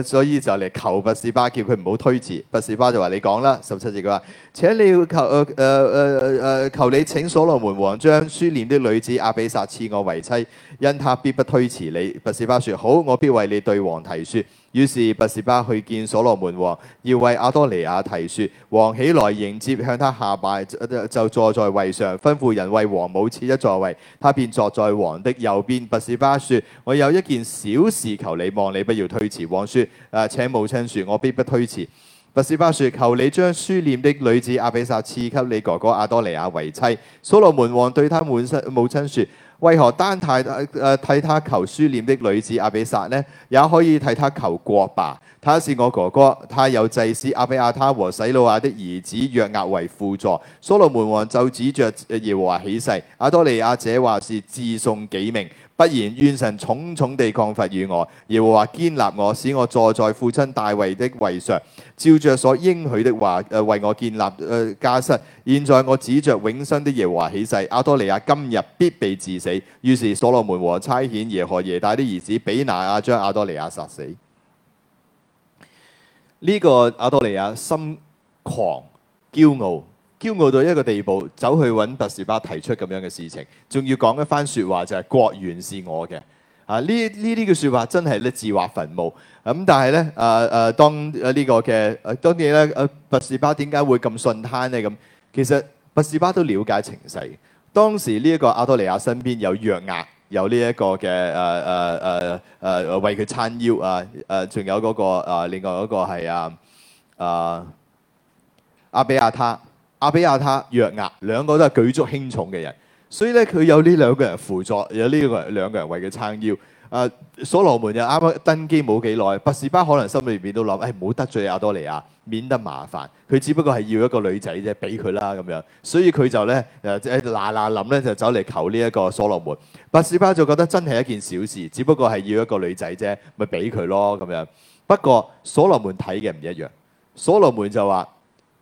誒，所以就嚟求拔士巴，叫佢唔好推辭。拔士巴就話你講啦，十七字佢話。請你求，誒誒誒誒，求你請所羅門王將書念的女子阿比煞賜我為妻，因他必不推辭你。拔士巴説：好，我必為你對王提説。於是拔士巴去見所羅門王，要為阿多尼亞提説。王起來迎接，向他下拜，呃，就坐在位上，吩咐人為王母設一座位，他便坐在王的右邊。拔士巴説：我有一件小事求你，望你不要推辭。王説：誒，呃，請母親説，我必不推辭。拔士巴說：求你將書念的女子阿比薩賜給你哥哥阿多利亞為妻。所羅門王對他母親母親說：為何單替替他求書念的女子阿比薩呢？也可以替他求國吧。他是我哥哥，他有祭司阿比亞他和洗魯亞的兒子約押為輔助。所羅門王就指着耶和華起誓。阿多利亞這話是自送己命。不然，願神重重地降罰與我，耶和華堅立我，使我坐在父親大衛的位上，照着所應許的話，誒為我建立誒、呃、家室。現在我指着永生的耶和華起誓，亞多尼雅今日必被治死。於是所羅門王差遣耶何耶大的兒子比拿雅將亞多尼雅殺死。呢個亞多尼雅心狂、驕傲。驕傲到一個地步，走去揾拔示巴提出咁樣嘅事情，仲要講一番説話就係、是、國原是我嘅。啊，呢呢啲嘅説話真係你自畫墳墓。咁、嗯、但係呢，誒、啊、誒、啊，當，個當呢個嘅當然咧，誒拔示巴點解會咁順攤呢？咁其實拔示巴都了解情勢，當時呢一個亞多尼雅身邊有約押，有呢一個嘅誒誒誒誒為佢撐腰啊，誒、啊、仲、啊啊、有嗰、那個、啊、另外一個係啊啊亞比亞他。亞比亞他、約押兩個都係舉足輕重嘅人，所以咧佢有呢兩個人輔助，有呢個兩個人為佢撐腰。啊，所羅門又啱啱登基冇幾耐，拔示巴可能心裏邊都諗，誒唔好得罪亞多尼雅，免得麻煩。佢只不過係要一個女仔啫，俾佢啦咁樣。所以佢就咧誒嗱嗱諗咧，就走嚟求呢一個所羅門。拔示巴就覺得真係一件小事，只不過係要一個女仔啫，咪俾佢咯咁樣。不過所羅門睇嘅唔一樣，所羅門就話。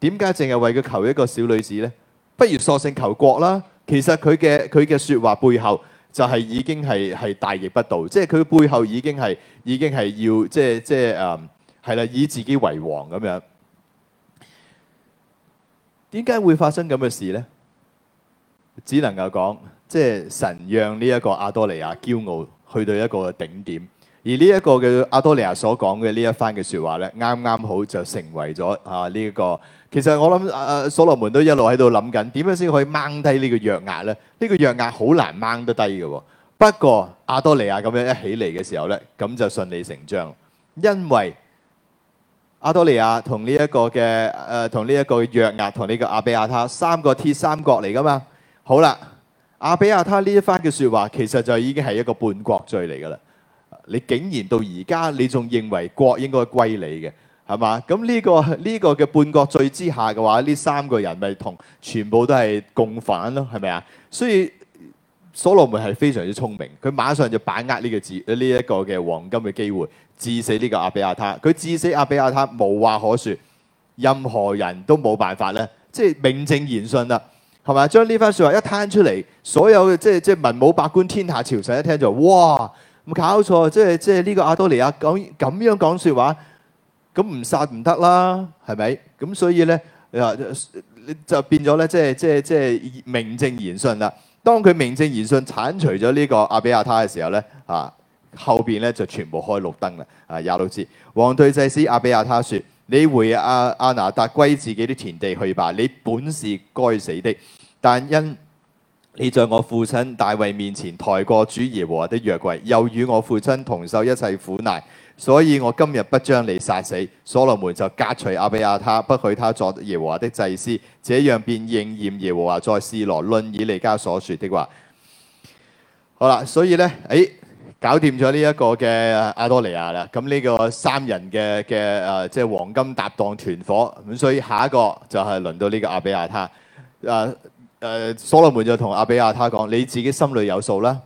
點解淨係為佢求一個小女子呢？不如索性求國啦！其實佢嘅佢嘅説話背後就係已經係係大逆不道，即係佢背後已經係已經係要即係即係誒係啦，以自己為王咁樣。點解會發生咁嘅事呢？只能夠講，即係神讓呢一個阿多利亞驕傲去到一個頂點，而呢一個嘅阿多利亞所講嘅呢一番嘅説話呢，啱啱好就成為咗啊呢一個。其實我諗啊啊，所羅門都一路喺度諗緊點樣先可以掹低呢個約押咧？呢個約押好難掹得低嘅喎。不過亞多利亞咁樣一起嚟嘅時候咧，咁就順理成章，因為亞多利亞同呢一個嘅誒，同呢一個約押同呢個亞比亞他三個鐵三角嚟噶嘛。好啦，亞比亞他呢一番嘅説話其實就已經係一個叛國罪嚟噶啦。你竟然到而家你仲認為國應該歸你嘅？係嘛？咁呢、呢個呢、呢個嘅叛國罪之下嘅話，呢三個人咪同全部都係共犯咯，係咪啊？所以所羅門係非常之聰明，佢馬上就把握呢、呢個字呢一個嘅黃金嘅機會，致死呢個亞比亞他。佢致死亞比亞他無話可説，任何人都冇辦法咧。即係名正言順啦，係嘛？將呢番説話一攤出嚟，所有即係即係文武百官天下朝臣一聽就哇！唔搞錯，即係即係呢個亞多尼亞講咁樣講説話。咁唔殺唔得啦，係咪？咁所以呢，啊，你就變咗呢，即係即係即係名正言順啦。當佢名正言順剷除咗呢個阿比亞他嘅時候呢，啊，後邊呢就全部開綠燈啦。啊，廿六節，王對祭司阿比亞他說：你回阿阿拿達歸自己啲田地去吧。你本是該死的，但因你在我父親大衛面前抬過主耶和華的約櫃，又與我父親同受一切苦難。所以我今日不將你殺死，所羅門就革除阿比亞他，不許他作耶和華的祭司，這樣便應驗耶和華在示羅論以利家所說的話。好啦，所以呢，誒、哎，搞掂咗呢一個嘅阿多尼亞啦，咁呢個三人嘅嘅，誒，即係、呃就是、黃金搭檔團伙，咁所以下一個就係輪到呢個阿比亞他，誒、呃、誒，所羅門就同阿比亞他講，你自己心裏有數啦，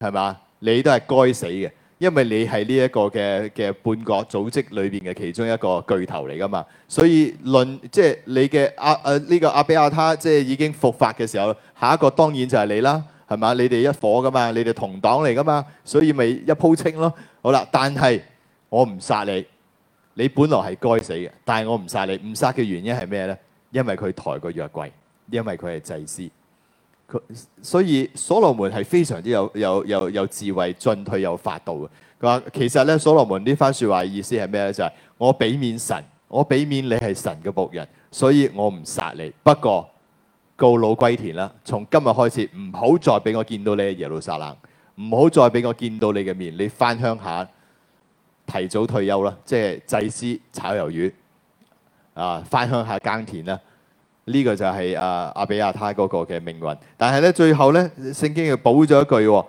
係咪，你都係該死嘅。因為你係呢一個嘅嘅半國組織裏邊嘅其中一個巨頭嚟噶嘛，所以論即係你嘅阿誒呢個阿比亞他即係已經復發嘅時候，下一個當然就係你啦，係嘛？你哋一伙噶嘛，你哋同黨嚟噶嘛，所以咪一鋪清咯。好啦，但係我唔殺你，你本來係該死嘅，但係我唔殺你，唔殺嘅原因係咩呢？因為佢抬過約櫃，因為佢係祭司。所以所羅門係非常之有有有有智慧，進退有法度嘅。佢話其實咧，所羅門呢番説話，說話意思係咩咧？就係、是、我俾面神，我俾面你係神嘅僕人，所以我唔殺你。不過告老歸田啦，從今日開始唔好再俾我見到你嘅耶路撒冷，唔好再俾我見到你嘅面。你翻鄉下提早退休啦，即係祭司炒魷魚啊，翻鄉下耕田啦。呢個就係阿阿比亞他嗰個嘅命運，但係咧，最後咧，聖經又補咗一句、哦、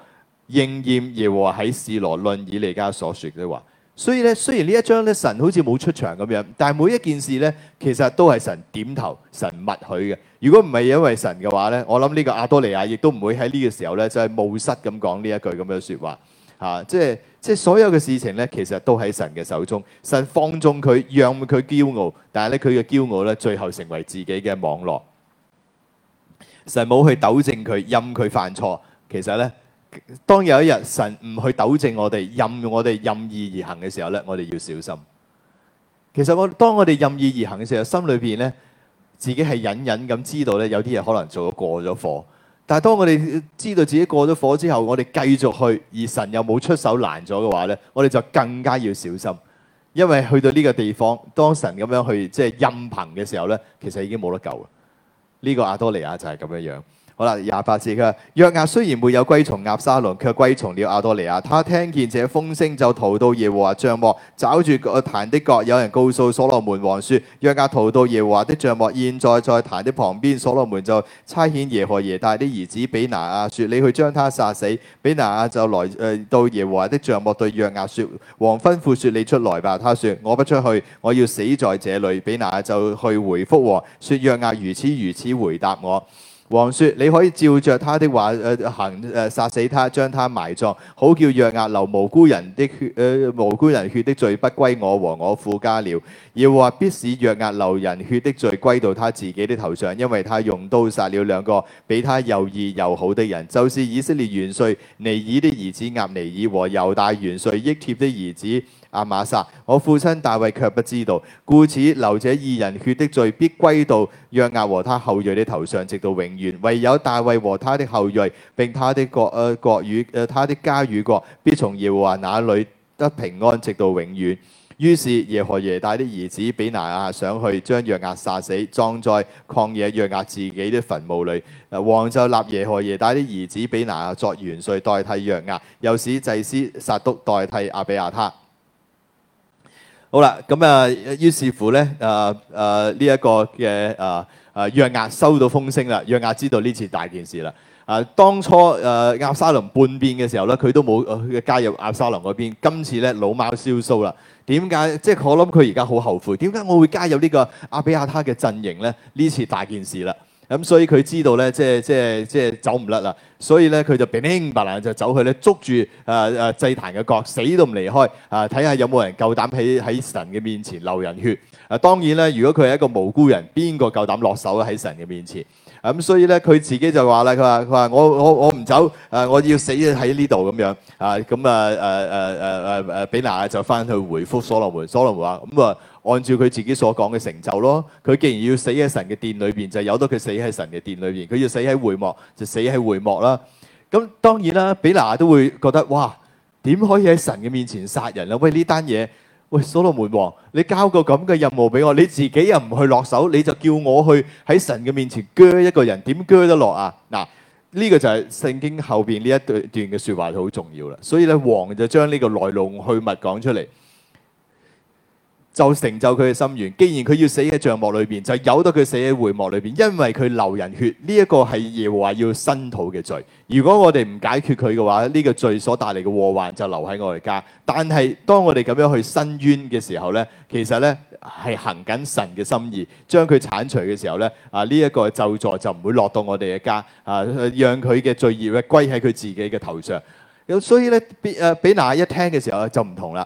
應驗耶和華喺示羅論以利家所説嘅話。所以咧，雖然呢一章咧神好似冇出場咁樣，但係每一件事咧，其實都係神點頭神默許嘅。如果唔係因為神嘅話咧，我諗呢個阿多利亞亦都唔會喺呢個時候咧就係、是、冒失咁講呢一句咁樣説話嚇、啊，即係。即係所有嘅事情咧，其實都喺神嘅手中。神放縱佢，讓佢驕傲，但係咧佢嘅驕傲咧，最後成為自己嘅網絡。神冇去糾正佢，任佢犯錯。其實咧，當有一日神唔去糾正我哋，任我哋任意而行嘅時候咧，我哋要小心。其實我當我哋任意而行嘅時候，心裏邊咧自己係隱隱咁知道咧，有啲嘢可能做咗過咗火。但係當我哋知道自己過咗火之後，我哋繼續去，而神又冇出手攔咗嘅話呢，我哋就更加要小心，因為去到呢個地方，當神咁樣去，即係任憑嘅時候呢，其實已經冇得救啊！呢、這個亞多利亞就係咁樣樣。好啦，廿八節佢話：約押雖然沒有歸從押沙龍，卻歸從了亞多尼雅。他聽見這風聲，就逃到耶和華帳幕，找住個壇的角。有人告訴所羅門王說：約押逃到耶和華的帳幕，現在在壇的旁邊。所羅門就差遣耶何耶大的兒子比拿雅説：你去將他殺死。比拿雅就來誒、呃、到耶和華的帳幕，對約押説：王吩咐説你出來吧。他説：我不出去，我要死在這裡。比拿雅就去回覆王説：約押如此如此回答我。王説：你可以照着他的話誒行誒，殺死他，將他埋葬，好叫約押流無辜人的血誒，無辜人血的罪不歸我和我父家了。要話必使約押流人血的罪歸到他自己的頭上，因為他用刀殺了兩個比他又義又好的人，就是以色列元帥尼珥的兒子押尼珥和猶大元帥益帖的兒子。阿瑪撒，我父親大衛卻不知道，故此流這二人血的罪必歸到約押和他後裔的頭上，直到永遠。唯有大衛和他的後裔並他的國啊、呃、國與、呃、他的家與國，必從耶和華那裡得平安，直到永遠。於是耶何耶大的兒子比拿雅上去，將約押殺死，葬在曠野約押自己的墳墓裏。王就立耶何耶大的兒子比拿雅作元帥，代替約押，又使祭司撒督代替亞比亞他。好啦，咁啊，於是乎咧，啊啊呢一個嘅啊啊約押收到風聲啦，約押知道呢次大件事啦。啊、呃，當初誒押、呃、沙龍叛變嘅時候咧，佢都冇、呃、加入押沙龍嗰邊。今次咧，老貓燒須啦，點解？即係我諗佢而家好後悔，點解我會加入呢個亞比亞他嘅陣營咧？呢次大件事啦。咁所以佢知道咧，即係即係即係走唔甩啦，所以咧佢就白冷白冷就走去咧，捉住啊啊祭壇嘅角，死都唔離開啊！睇下有冇人夠膽喺喺神嘅面前流人血啊！當然咧，如果佢係一個無辜人，邊個夠膽落手喺神嘅面前？咁、嗯、所以咧，佢自己就話啦：佢話佢話我我我唔走啊、呃！我要死喺呢度咁樣啊！咁啊誒誒誒誒誒，比拿就翻去回覆所羅門。所羅門話：咁、嗯、啊、嗯，按照佢自己所講嘅成就咯，佢既然要死喺神嘅殿裏邊，就由得佢死喺神嘅殿裏邊。佢要死喺會幕就死喺會幕啦。咁、嗯、當然啦，比拿都會覺得哇，點可以喺神嘅面前殺人啦？喂呢單嘢！喂，所羅門王，你交個咁嘅任務俾我，你自己又唔去落手，你就叫我去喺神嘅面前鋸一個人，點鋸得落啊？嗱，呢、這個就係聖經後邊呢一段段嘅說話好重要啦。所以咧，王就將呢個來龍去脈講出嚟。就成就佢嘅心願。既然佢要死喺帳幕裏邊，就由得佢死喺會幕裏邊。因為佢流人血，呢一個係耶和華要申討嘅罪。如果我哋唔解決佢嘅話，呢個罪所帶嚟嘅禍患就留喺我哋家。但係當我哋咁樣去申冤嘅時候咧，其實咧係行緊神嘅心意，將佢剷除嘅時候咧，啊，呢一個咒詛就唔會落到我哋嘅家。啊，讓佢嘅罪業咧歸喺佢自己嘅頭上。咁所以咧，俾啊，俾拿一聽嘅時候就唔同啦。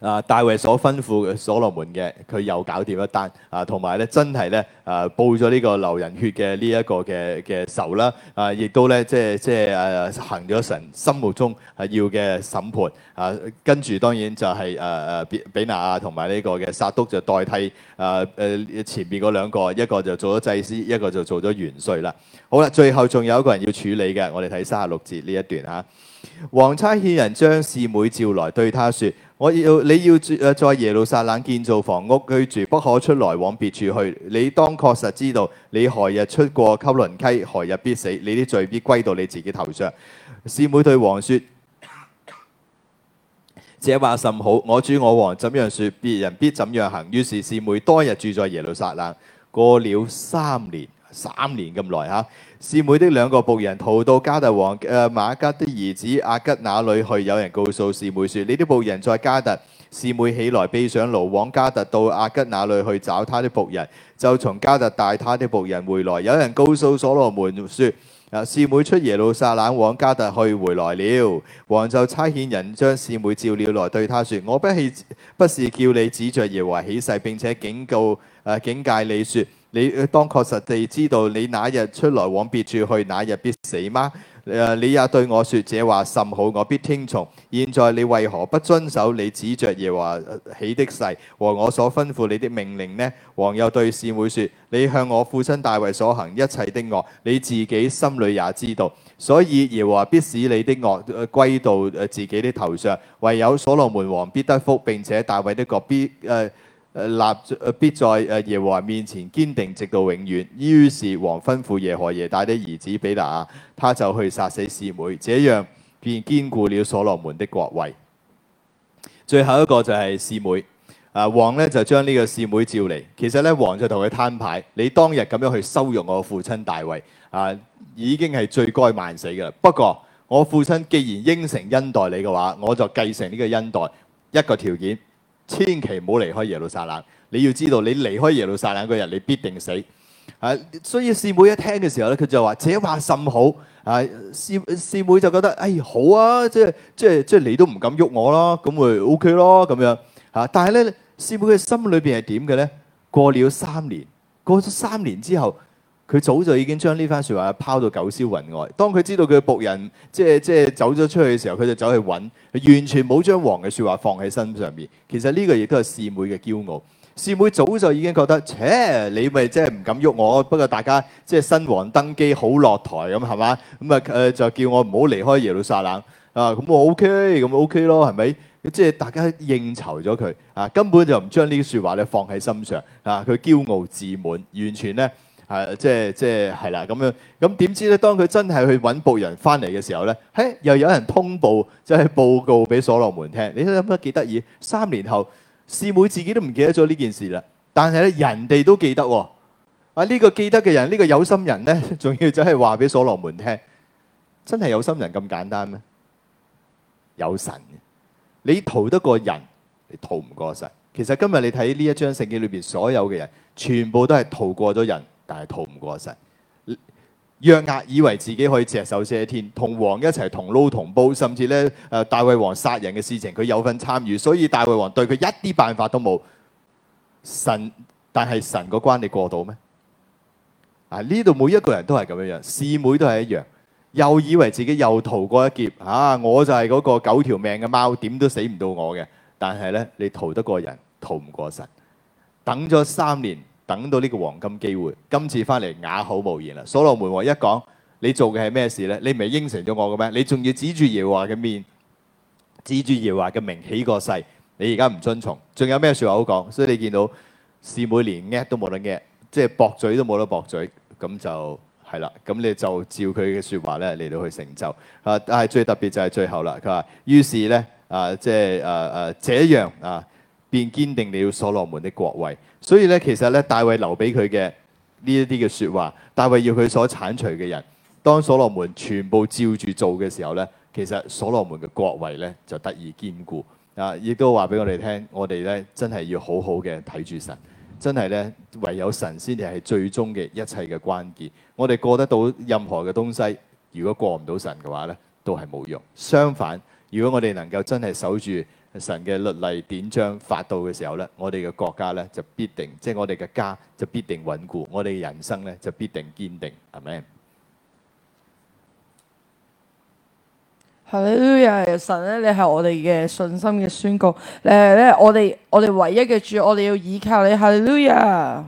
啊！大衛所吩咐嘅所羅門嘅，佢又搞掂一單啊！同埋咧，真係咧啊，報咗呢個流人血嘅呢一個嘅嘅仇啦啊！亦都咧，即係即係啊，行咗神心目中係、啊、要嘅審判啊！跟住當然就係誒誒比比拿同埋呢個嘅撒督就代替啊誒、呃、前邊嗰兩個，一個就做咗祭司，一個就做咗元帥啦、啊。好啦，最後仲有一個人要處理嘅，我哋睇三十六節呢一段嚇、啊。王差遣人將示每召來，對他説。我要你要住，誒在耶路撒冷建造房屋居住，不可出來往別處去。你當確實知道，你何日出過汲淪溪，何日必死。你啲罪必歸到你自己頭上。示每對王説：這話甚好，我主我王怎樣説，別人必怎樣行。於是示每當日住在耶路撒冷，過了三年，三年咁耐嚇。示每的兩個僕人逃到迦特王嘅瑪迦的兒子亞吉那裏去。有人告訴示每說：你的僕人在迦特。示每起來，背上路往迦特到亞吉那裏去找他的僕人，就從迦特帶他的僕人回來。有人告訴所羅門說：啊、示每出耶路撒冷往迦特去回來了。王就差遣人將示每召了來，對他說：我不棄，不是叫你指着耶和華起誓，並且警告、誒、呃、警戒你說。你當確實地知道，你那日出來往別處去，那日必死嗎？誒、呃，你也對我說這話甚好，我必聽從。現在你為何不遵守你指着耶和華起的誓和我所吩咐你的命令呢？王又對示每說：你向我父親大衛所行一切的惡，你自己心裏也知道，所以耶和華必使你的惡歸、呃、到自己的頭上。唯有所羅門王必得福，並且大衛的國必誒。呃立，必在耶和華面前堅定，直到永遠。於是王吩咐耶何耶大嘅兒子比拿雅，啊，他就去殺死示每，這樣便堅固了所羅門的國位。最後一個就係示每，啊，王呢就將呢個示每召嚟。其實呢，王就同佢攤牌，你當日咁樣去羞辱我父親大衛，啊，已經係罪該萬死噶啦。不過我父親既然應承恩待你嘅話，我就繼承呢個恩待，一個條件。千祈唔好離開耶路撒冷，你要知道，你離開耶路撒冷嗰日，你必定死。啊，所以師妹一聽嘅時候咧，佢就話：這話甚好。啊，師師妹就覺得：哎，好啊，即係即係即係你都唔敢喐我啦，咁咪 OK 咯，咁樣嚇，啊。但係咧，師妹嘅心裏邊係點嘅咧？過了三年，過咗三年之後。佢早就已經將呢番説話拋到九霄雲外。當佢知道佢僕人即係即係走咗出去嘅時候，佢就走去揾，完全冇將王嘅説話放喺身上面。其實呢個亦都係示每嘅驕傲。示每早就已經覺得，切你咪即係唔敢喐我。不過大家即係新王登基好落台咁係嘛咁啊？誒、呃、就叫我唔好離開耶路撒冷啊。咁我 O K 咁 O K 咯，係咪？即係大家應酬咗佢啊，根本就唔將呢啲説話咧放喺心上啊。佢驕傲自滿，完全咧。係、啊，即係即係係啦咁樣。咁點、啊嗯嗯、知咧？當佢真係去揾僕人翻嚟嘅時候咧，嘿、哎，又有人通報，就係、是、報告俾所羅門聽。你都諗得幾得意？三年後，示每自己都唔記得咗呢件事啦。但係咧，人哋都記得喎、哦。啊，呢、這個記得嘅人，呢、這個有心人咧，仲要就係話俾所羅門聽。真係有心人咁簡單咩？有神嘅，你逃得過人，你逃唔過神。其實今日你睇呢一章聖經裏邊所有嘅人，全部都係逃過咗人。但係逃唔過神。約押以為自己可以隻手遮天，同王一齊同撈同煲，甚至咧，誒、呃、大衛王殺人嘅事情，佢有份參與，所以大衛王對佢一啲辦法都冇。神，但係神個關你過到咩？啊，呢度每一個人都係咁樣樣，師妹都係一樣，又以為自己又逃過一劫。啊，我就係嗰個九條命嘅貓，點都死唔到我嘅。但係咧，你逃得過人，逃唔過神。等咗三年。等到呢個黃金機會，今次翻嚟啞口無言啦。所羅門王一講，你做嘅係咩事呢？你唔係應承咗我嘅咩？你仲要指住耶和華嘅面，指住耶和華嘅名起個誓，你而家唔遵從，仲有咩說話好講？所以你見到示每連嗌都冇得嗌，即係駁嘴都冇得駁嘴，咁就係啦。咁你就照佢嘅說話呢嚟到去成就啊！但係最特別就係最後啦，佢話於是呢啊，即係啊啊這樣啊，便堅定了所羅門的國位。所以咧，其實咧，大衛留俾佢嘅呢一啲嘅説話，大衛要佢所剷除嘅人，當所羅門全部照住做嘅時候咧，其實所羅門嘅國位咧就得以堅固。啊，亦都話俾我哋聽，我哋咧真係要好好嘅睇住神，真係咧唯有神先至係最終嘅一切嘅關鍵。我哋過得到任何嘅東西，如果過唔到神嘅話咧，都係冇用。相反，如果我哋能夠真係守住。神嘅律例典章發到嘅時候呢，我哋嘅國家呢就必定，即係我哋嘅家就必定穩固，我哋嘅人生呢就必定堅定，
係咪？哈利路亞！神呢，你係我哋嘅信心嘅宣告。誒咧，我哋我哋唯一嘅主，我哋要依靠你。哈利路亞！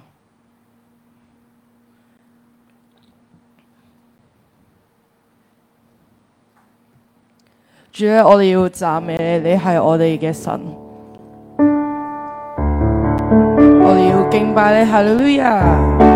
主啊！我哋要讚美你，你係我哋嘅神，我哋要敬拜你，Hallelujah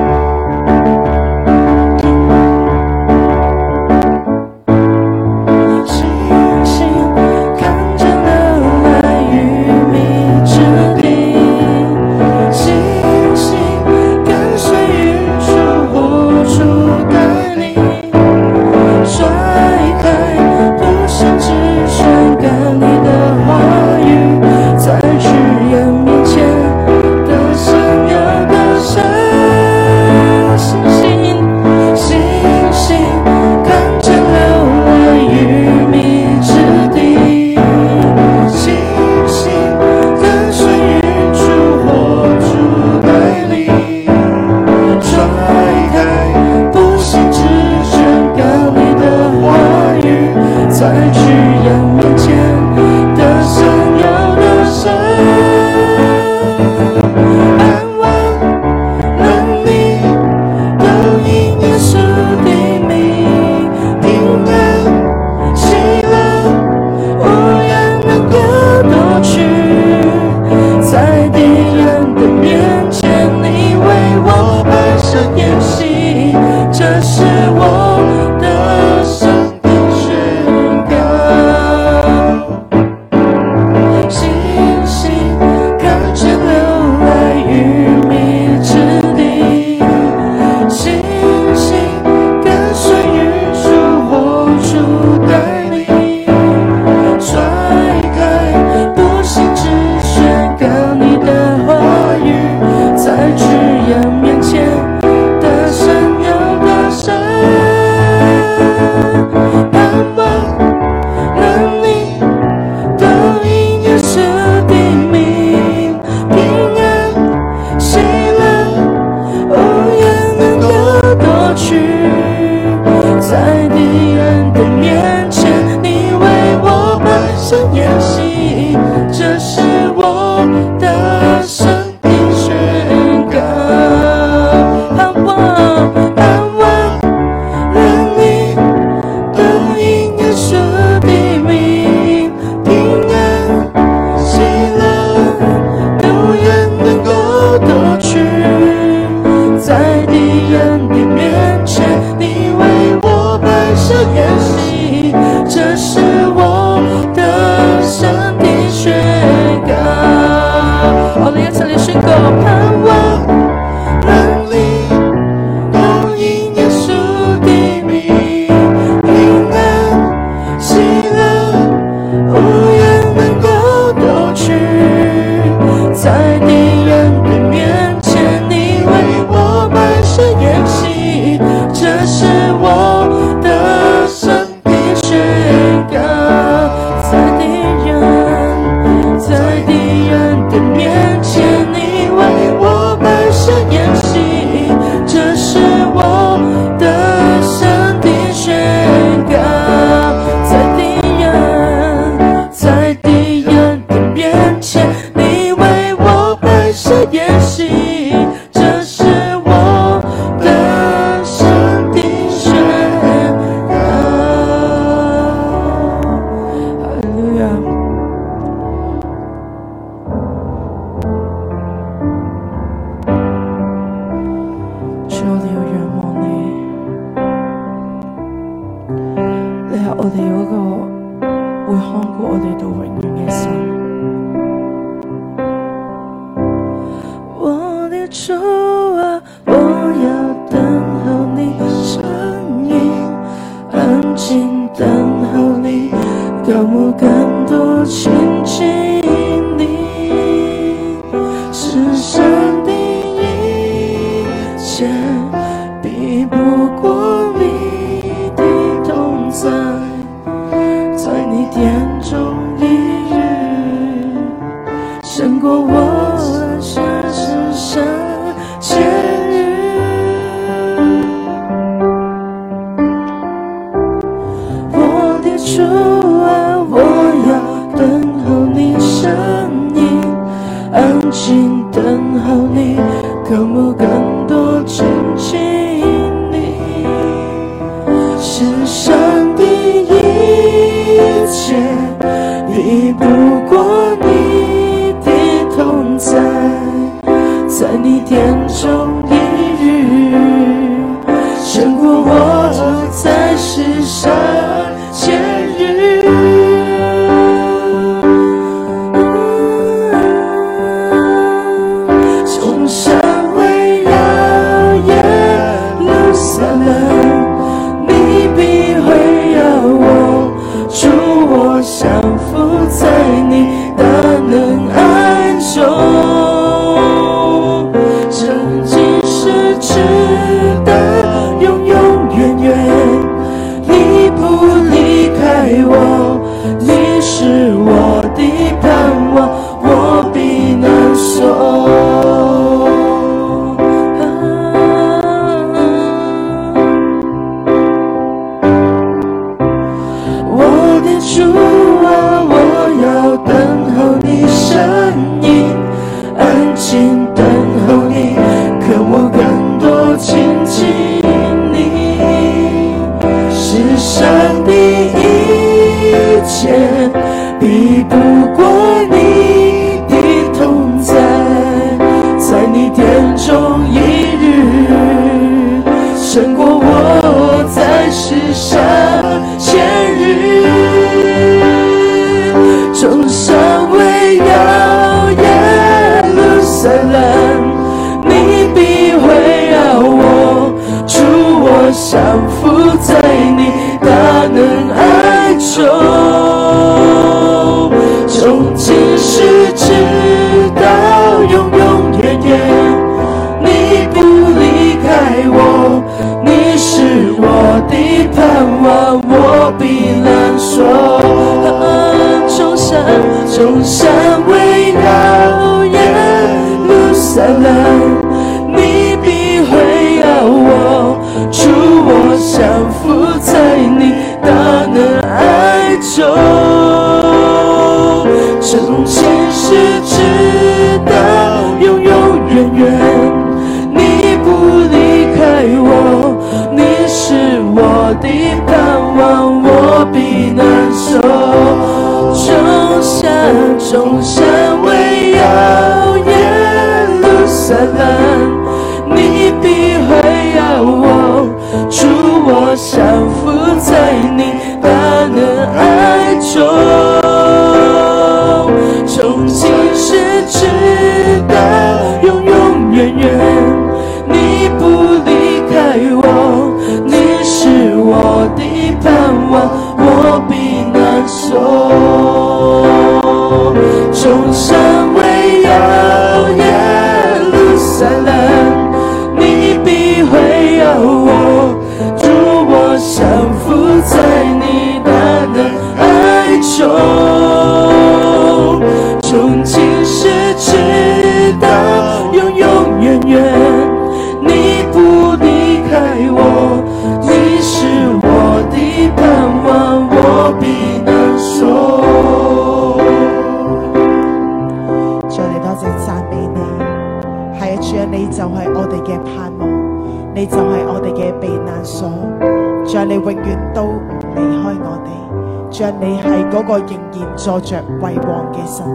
坐着為王嘅神，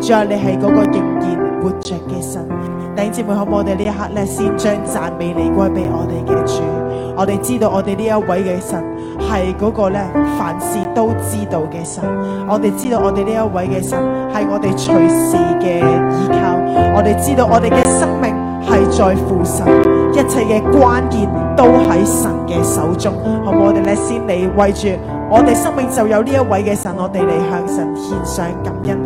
最後你係嗰個仍然活着嘅神。弟兄姊妹，好唔好我哋呢一刻咧，先將讚美禮歸俾我哋嘅主？我哋知道我哋呢一位嘅神係嗰個咧，凡事都知道嘅神。我哋知道我哋呢一位嘅神係我哋隨時嘅依靠。我哋知道我哋嘅生命係在乎神，一切嘅關鍵都喺神嘅手中。好唔好我哋咧先嚟為住？我哋生命就有呢一位嘅神，我哋嚟向神獻上感恩。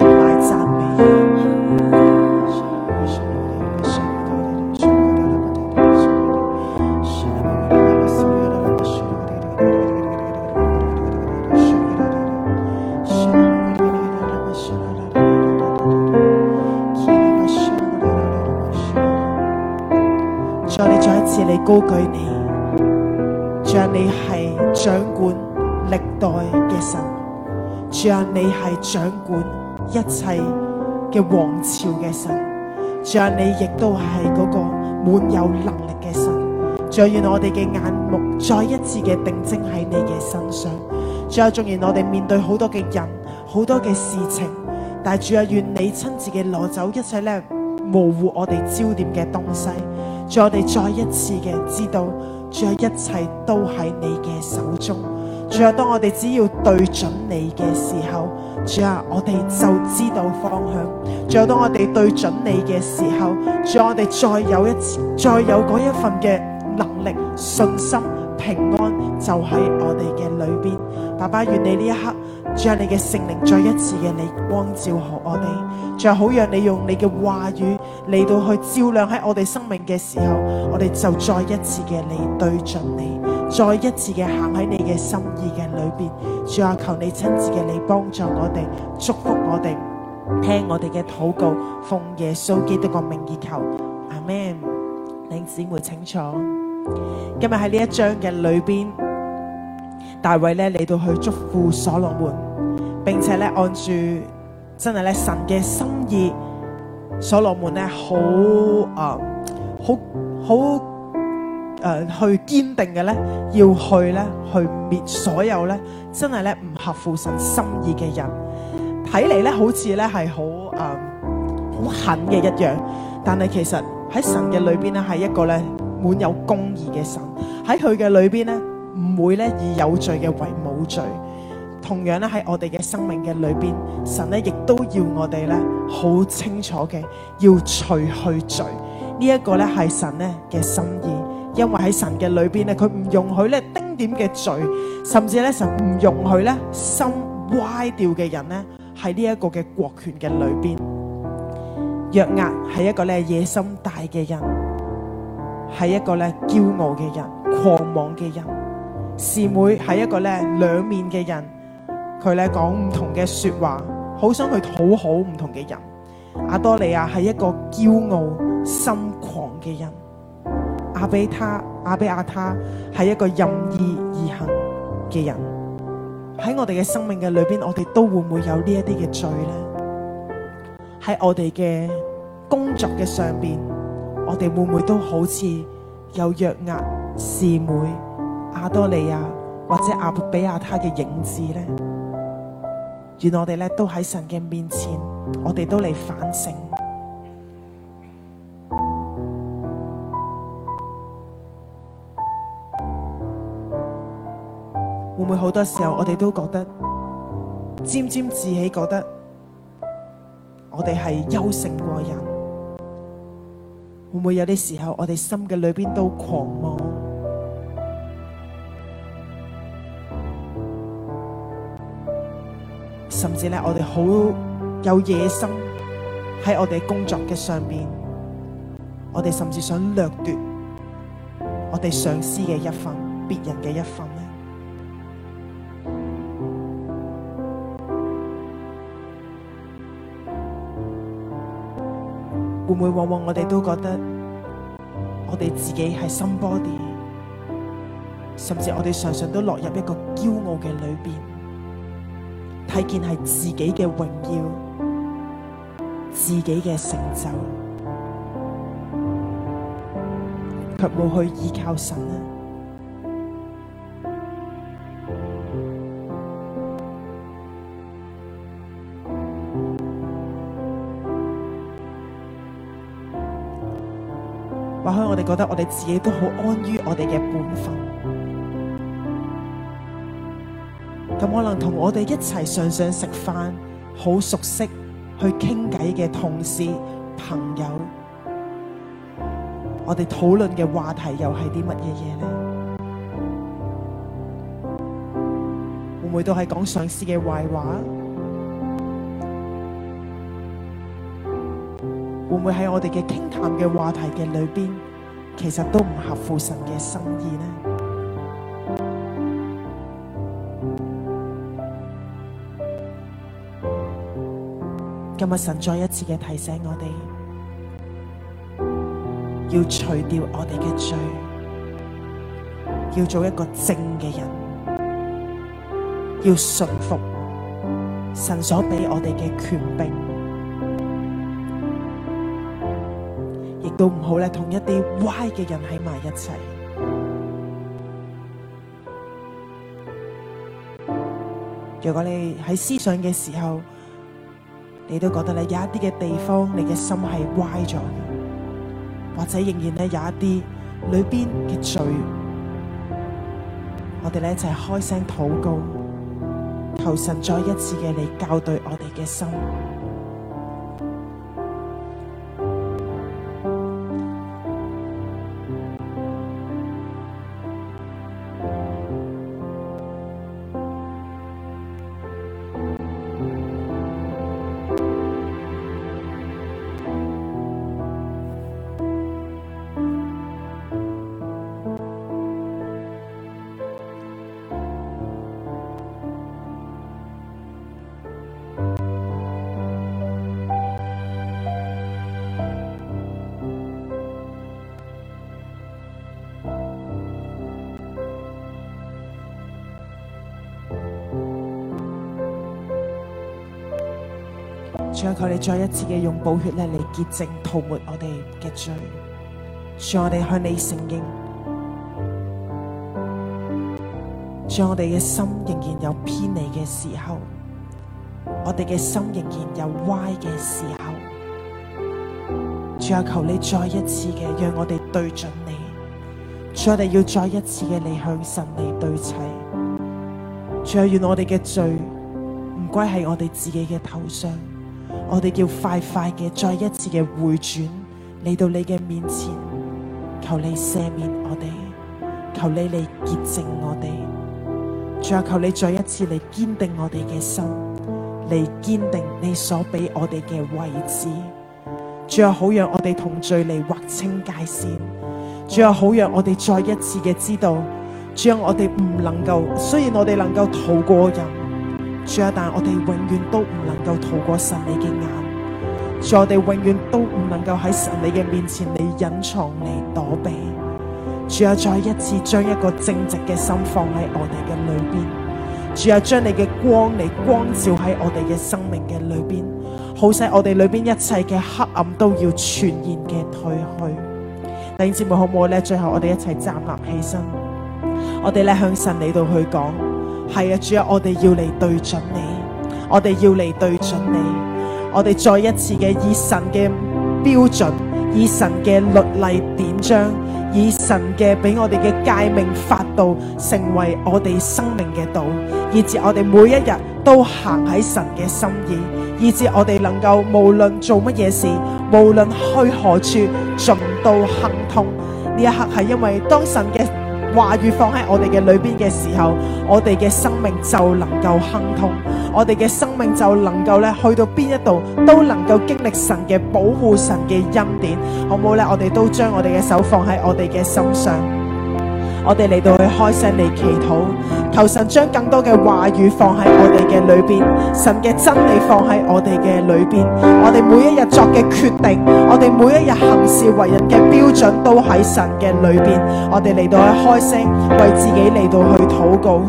管一切嘅王朝嘅神，主啊，你亦都係嗰個滿有能力嘅神。主啊，願我哋嘅眼目再一次嘅定睛喺你嘅身上。主啊，縱然我哋面對好多嘅人、好多嘅事情，但係主啊，願你親自嘅攞走一切咧模糊我哋焦點嘅東西。主，我哋再一次嘅知道，主啊，一切都喺你嘅手中。主啊，當我哋只要對準你嘅時候，主啊，我哋就知道方向。主啊，當我哋對準你嘅時候，主，我哋再有一，再有嗰一份嘅能力、信心、平安，就喺我哋嘅裏邊。爸爸，願你呢一刻。將你嘅聖靈再一次嘅你光照好我哋，最好讓你用你嘅話語嚟到去照亮喺我哋生命嘅時候，我哋就再一次嘅你對準你，再一次嘅行喺你嘅心意嘅裏邊。最後求你親自嘅你幫助我哋，祝福我哋，聽我哋嘅禱告，奉耶穌基督嘅名而求，阿門。弟兄姊妹，請坐。今日喺呢一章嘅裏邊，大衛呢嚟到去祝福所羅門。並且咧，按住真係咧神嘅心意，所羅門咧好啊，好好誒去堅定嘅咧，要去咧去滅所有咧真係咧唔合乎神心意嘅人。睇嚟咧好似咧係好啊好狠嘅一樣，但係其實喺神嘅裏邊咧係一個咧滿有公義嘅神，喺佢嘅裏邊咧唔會咧以有罪嘅為冇罪。同樣咧喺我哋嘅生命嘅裏邊，神咧亦都要我哋咧好清楚嘅要除去罪，呢一個咧係神咧嘅心意，因為喺神嘅裏邊咧，佢唔容許咧丁點嘅罪，甚至咧神唔容許咧心歪掉嘅人咧喺呢一個嘅國權嘅裏邊。約押係一個咧野心大嘅人，係一個咧驕傲嘅人、狂妄嘅人。示每係一個咧兩面嘅人。佢咧講唔同嘅說話，好想去討好唔同嘅人。亞多利亞係一個驕傲心狂嘅人，阿比他、阿比亞他係一個任意而行嘅人。喺我哋嘅生命嘅裏邊，我哋都會唔會有呢一啲嘅罪咧？喺我哋嘅工作嘅上邊，我哋會唔會都好似有約押、示每、亞多利亞或者阿比亞他嘅影子咧？原來我哋咧都喺神嘅面前，我哋都嚟反省，會唔會好多時候我哋都覺得沾沾自喜，覺得我哋係優勝過人？會唔會有啲時候我哋心嘅裏邊都狂妄？甚至咧，我哋好有野心喺我哋工作嘅上邊，我哋甚至想掠奪我哋上司嘅一份、別人嘅一份咧。會唔會往往我哋都覺得我哋自己係 somebody？甚至我哋常常都落入一個驕傲嘅裏邊。睇見係自己嘅榮耀，自己嘅成就，卻冇去依靠神啊！或許我哋覺得我哋自己都好安於我哋嘅本分。我可能同我哋一齊上上食飯，好熟悉，去傾偈嘅同事朋友，我哋討論嘅話題又係啲乜嘢嘢咧？會唔會都係講上司嘅壞話？會唔會喺我哋嘅傾談嘅話題嘅裏邊，其實都唔合乎神嘅心意咧？今日神再一次嘅提醒我哋，要除掉我哋嘅罪，要做一個正嘅人，要順服神所俾我哋嘅權柄，亦都唔好咧同一啲歪嘅人喺埋一齊。如果你喺思想嘅時候，你都覺得咧有一啲嘅地方，你嘅心係歪咗嘅，或者仍然咧有一啲裏邊嘅罪，我哋咧一齊開聲禱告，求神再一次嘅你教對我哋嘅心。你求你再一次嘅用寶血咧嚟，潔淨塗抹我哋嘅罪，主我哋向你承認，主我哋嘅心仍然有偏離嘅時候，我哋嘅心仍然有歪嘅時候，仲有求你再一次嘅讓我哋對準你，主我哋要再一次嘅你向神嚟對齊，主啊，願我哋嘅罪唔歸喺我哋自己嘅頭上。我哋要快快嘅再一次嘅回轉嚟到你嘅面前，求你赦免我哋，求你嚟潔淨我哋，仲有求你再一次嚟堅定我哋嘅心，嚟堅定你所俾我哋嘅位置，仲有好讓我哋同罪嚟劃清界線，仲有好讓我哋再一次嘅知道，仲有我哋唔能夠，雖然我哋能夠逃過人。主啊！但我哋永遠都唔能夠逃過神你嘅眼，主啊！我哋永遠都唔能夠喺神你嘅面前嚟隱藏、嚟躲避。主啊！再一次將一個正直嘅心放喺我哋嘅裏邊，主啊！將你嘅光嚟光照喺我哋嘅生命嘅裏邊，好使我哋裏邊一切嘅黑暗都要全然嘅退去。弟兄姊妹，好唔好咧？最後我哋一齊站立起身，我哋咧向神你度去講。係啊，主啊，我哋要嚟對準你，我哋要嚟對準你，我哋再一次嘅以神嘅標準，以神嘅律例典章，以神嘅俾我哋嘅誡命法度，成為我哋生命嘅道，以至我哋每一日都行喺神嘅心意，以至我哋能夠無論做乜嘢事，無論去何處，盡到行通呢一刻，係因為當神嘅。話語放喺我哋嘅裏邊嘅時候，我哋嘅生命就能夠亨通，我哋嘅生命就能夠咧去到邊一度都能夠經歷神嘅保護、神嘅恩典，好唔好咧？我哋都將我哋嘅手放喺我哋嘅心上，我哋嚟到去開聲嚟祈禱。求神將更多嘅話語放喺我哋嘅裏邊，神嘅真理放喺我哋嘅裏邊，我哋每一日作嘅決定，我哋每一日行事為人嘅標準都喺神嘅裏邊，我哋嚟到去開聲，為自己嚟到去禱告，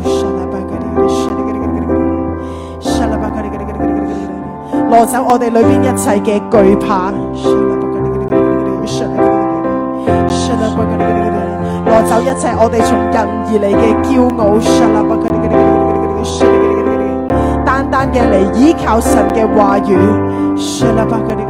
攞走我哋裏邊一切嘅懼怕。一切我哋從人而嚟嘅驕傲，單單嘅嚟依靠神嘅話語。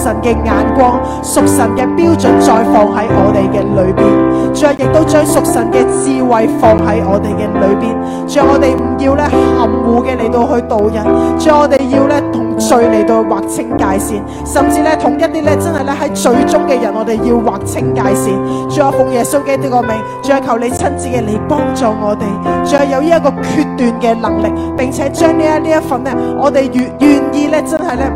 神嘅眼光，屬神嘅標準再放喺我哋嘅裏邊，最後亦都將屬神嘅智慧放喺我哋嘅裏邊，讓我哋唔要咧含糊嘅嚟到去度人，讓我哋要咧同罪嚟到劃清界線，甚至咧同一啲咧真係咧喺罪中嘅人，我哋要劃清界線。最後奉耶穌基督個名，仲係求你親自嘅嚟幫助我哋，仲係有呢一個決斷嘅能力，並且將呢一呢一份咧，我哋願願意咧真係咧。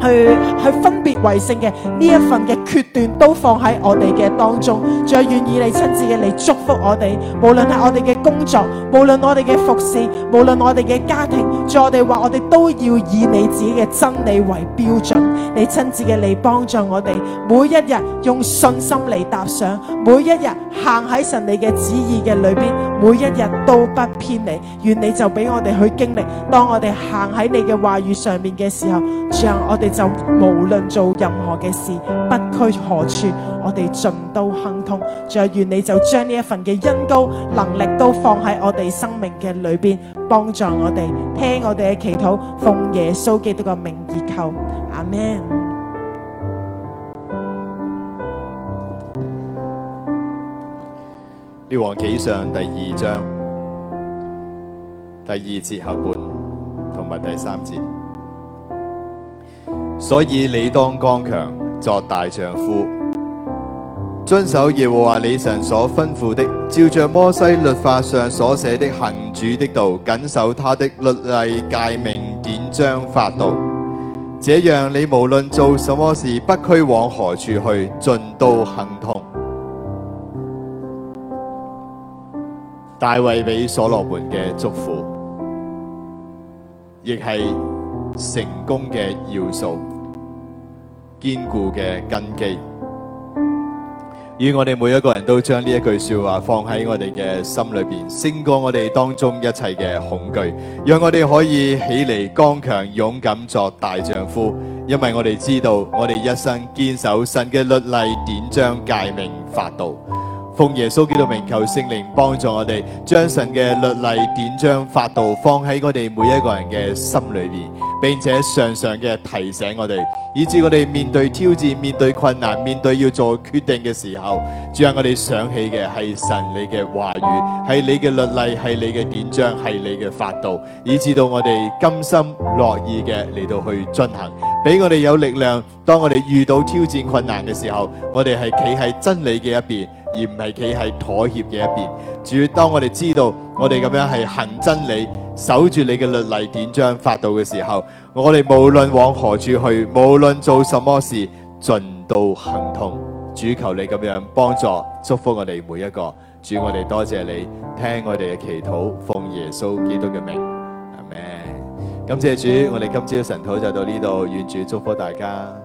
去去分別為聖嘅呢一份嘅決斷都放喺我哋嘅當中，仲有願意你親自嘅嚟祝福我哋，無論係我哋嘅工作，無論我哋嘅服侍，無論我哋嘅家庭，再我哋話我哋都要以你自己嘅真理為標準。你親自嘅力幫助我哋，每一日用信心嚟踏上，每一日行喺神你嘅旨意嘅裏邊，每一日都不偏離。願你就俾我哋去經歷，當我哋行喺你嘅話語上面嘅時候，讓我哋就無論做任何嘅事，不拘何處，我哋盡都亨通。仲有願你就將呢一份嘅恩膏能力都放喺我哋生命嘅裏邊，幫助我哋聽我哋嘅祈禱，奉耶穌基督嘅名而求，阿門。
列王紀上第二章第二節後半同埋第三節，所以你當剛強作大丈夫，遵守耶和華你神所吩咐的，照着摩西律法上所寫的行主的道，謹守他的律例誡命典章法度。這樣你無論做什麼事，不拘往何處去，盡都亨通。大衛俾所羅門嘅祝福，亦係成功嘅要素，堅固嘅根基。願我哋每一個人都將呢一句說話放喺我哋嘅心裏邊，勝過我哋當中一切嘅恐懼，讓我哋可以起嚟，剛強勇敢做大丈夫。因為我哋知道，我哋一生堅守神嘅律例、典章、誡命法度。奉耶穌基督名求聖靈幫助我哋，將神嘅律例、典章、法度放喺我哋每一個人嘅心裏面，並且常常嘅提醒我哋，以至我哋面對挑戰、面對困難、面對要做決定嘅時候，主讓我哋想起嘅係神你嘅話語，係你嘅律例，係你嘅典章，係你嘅法度，以至到我哋甘心樂意嘅嚟到去進行，俾我哋有力量，當我哋遇到挑戰、困難嘅時候，我哋係企喺真理嘅一邊。而唔係企喺妥協嘅一邊。主，當我哋知道我哋咁樣係行真理、守住你嘅律例典章法度嘅時候，我哋無論往何處去，無論做什麼事，盡都亨通。主，求你咁樣幫助、祝福我哋每一個。主，我哋多謝你聽我哋嘅祈禱，奉耶穌基督嘅名，阿門。感謝主，我哋今朝嘅神禱就到呢度，願主祝福大家。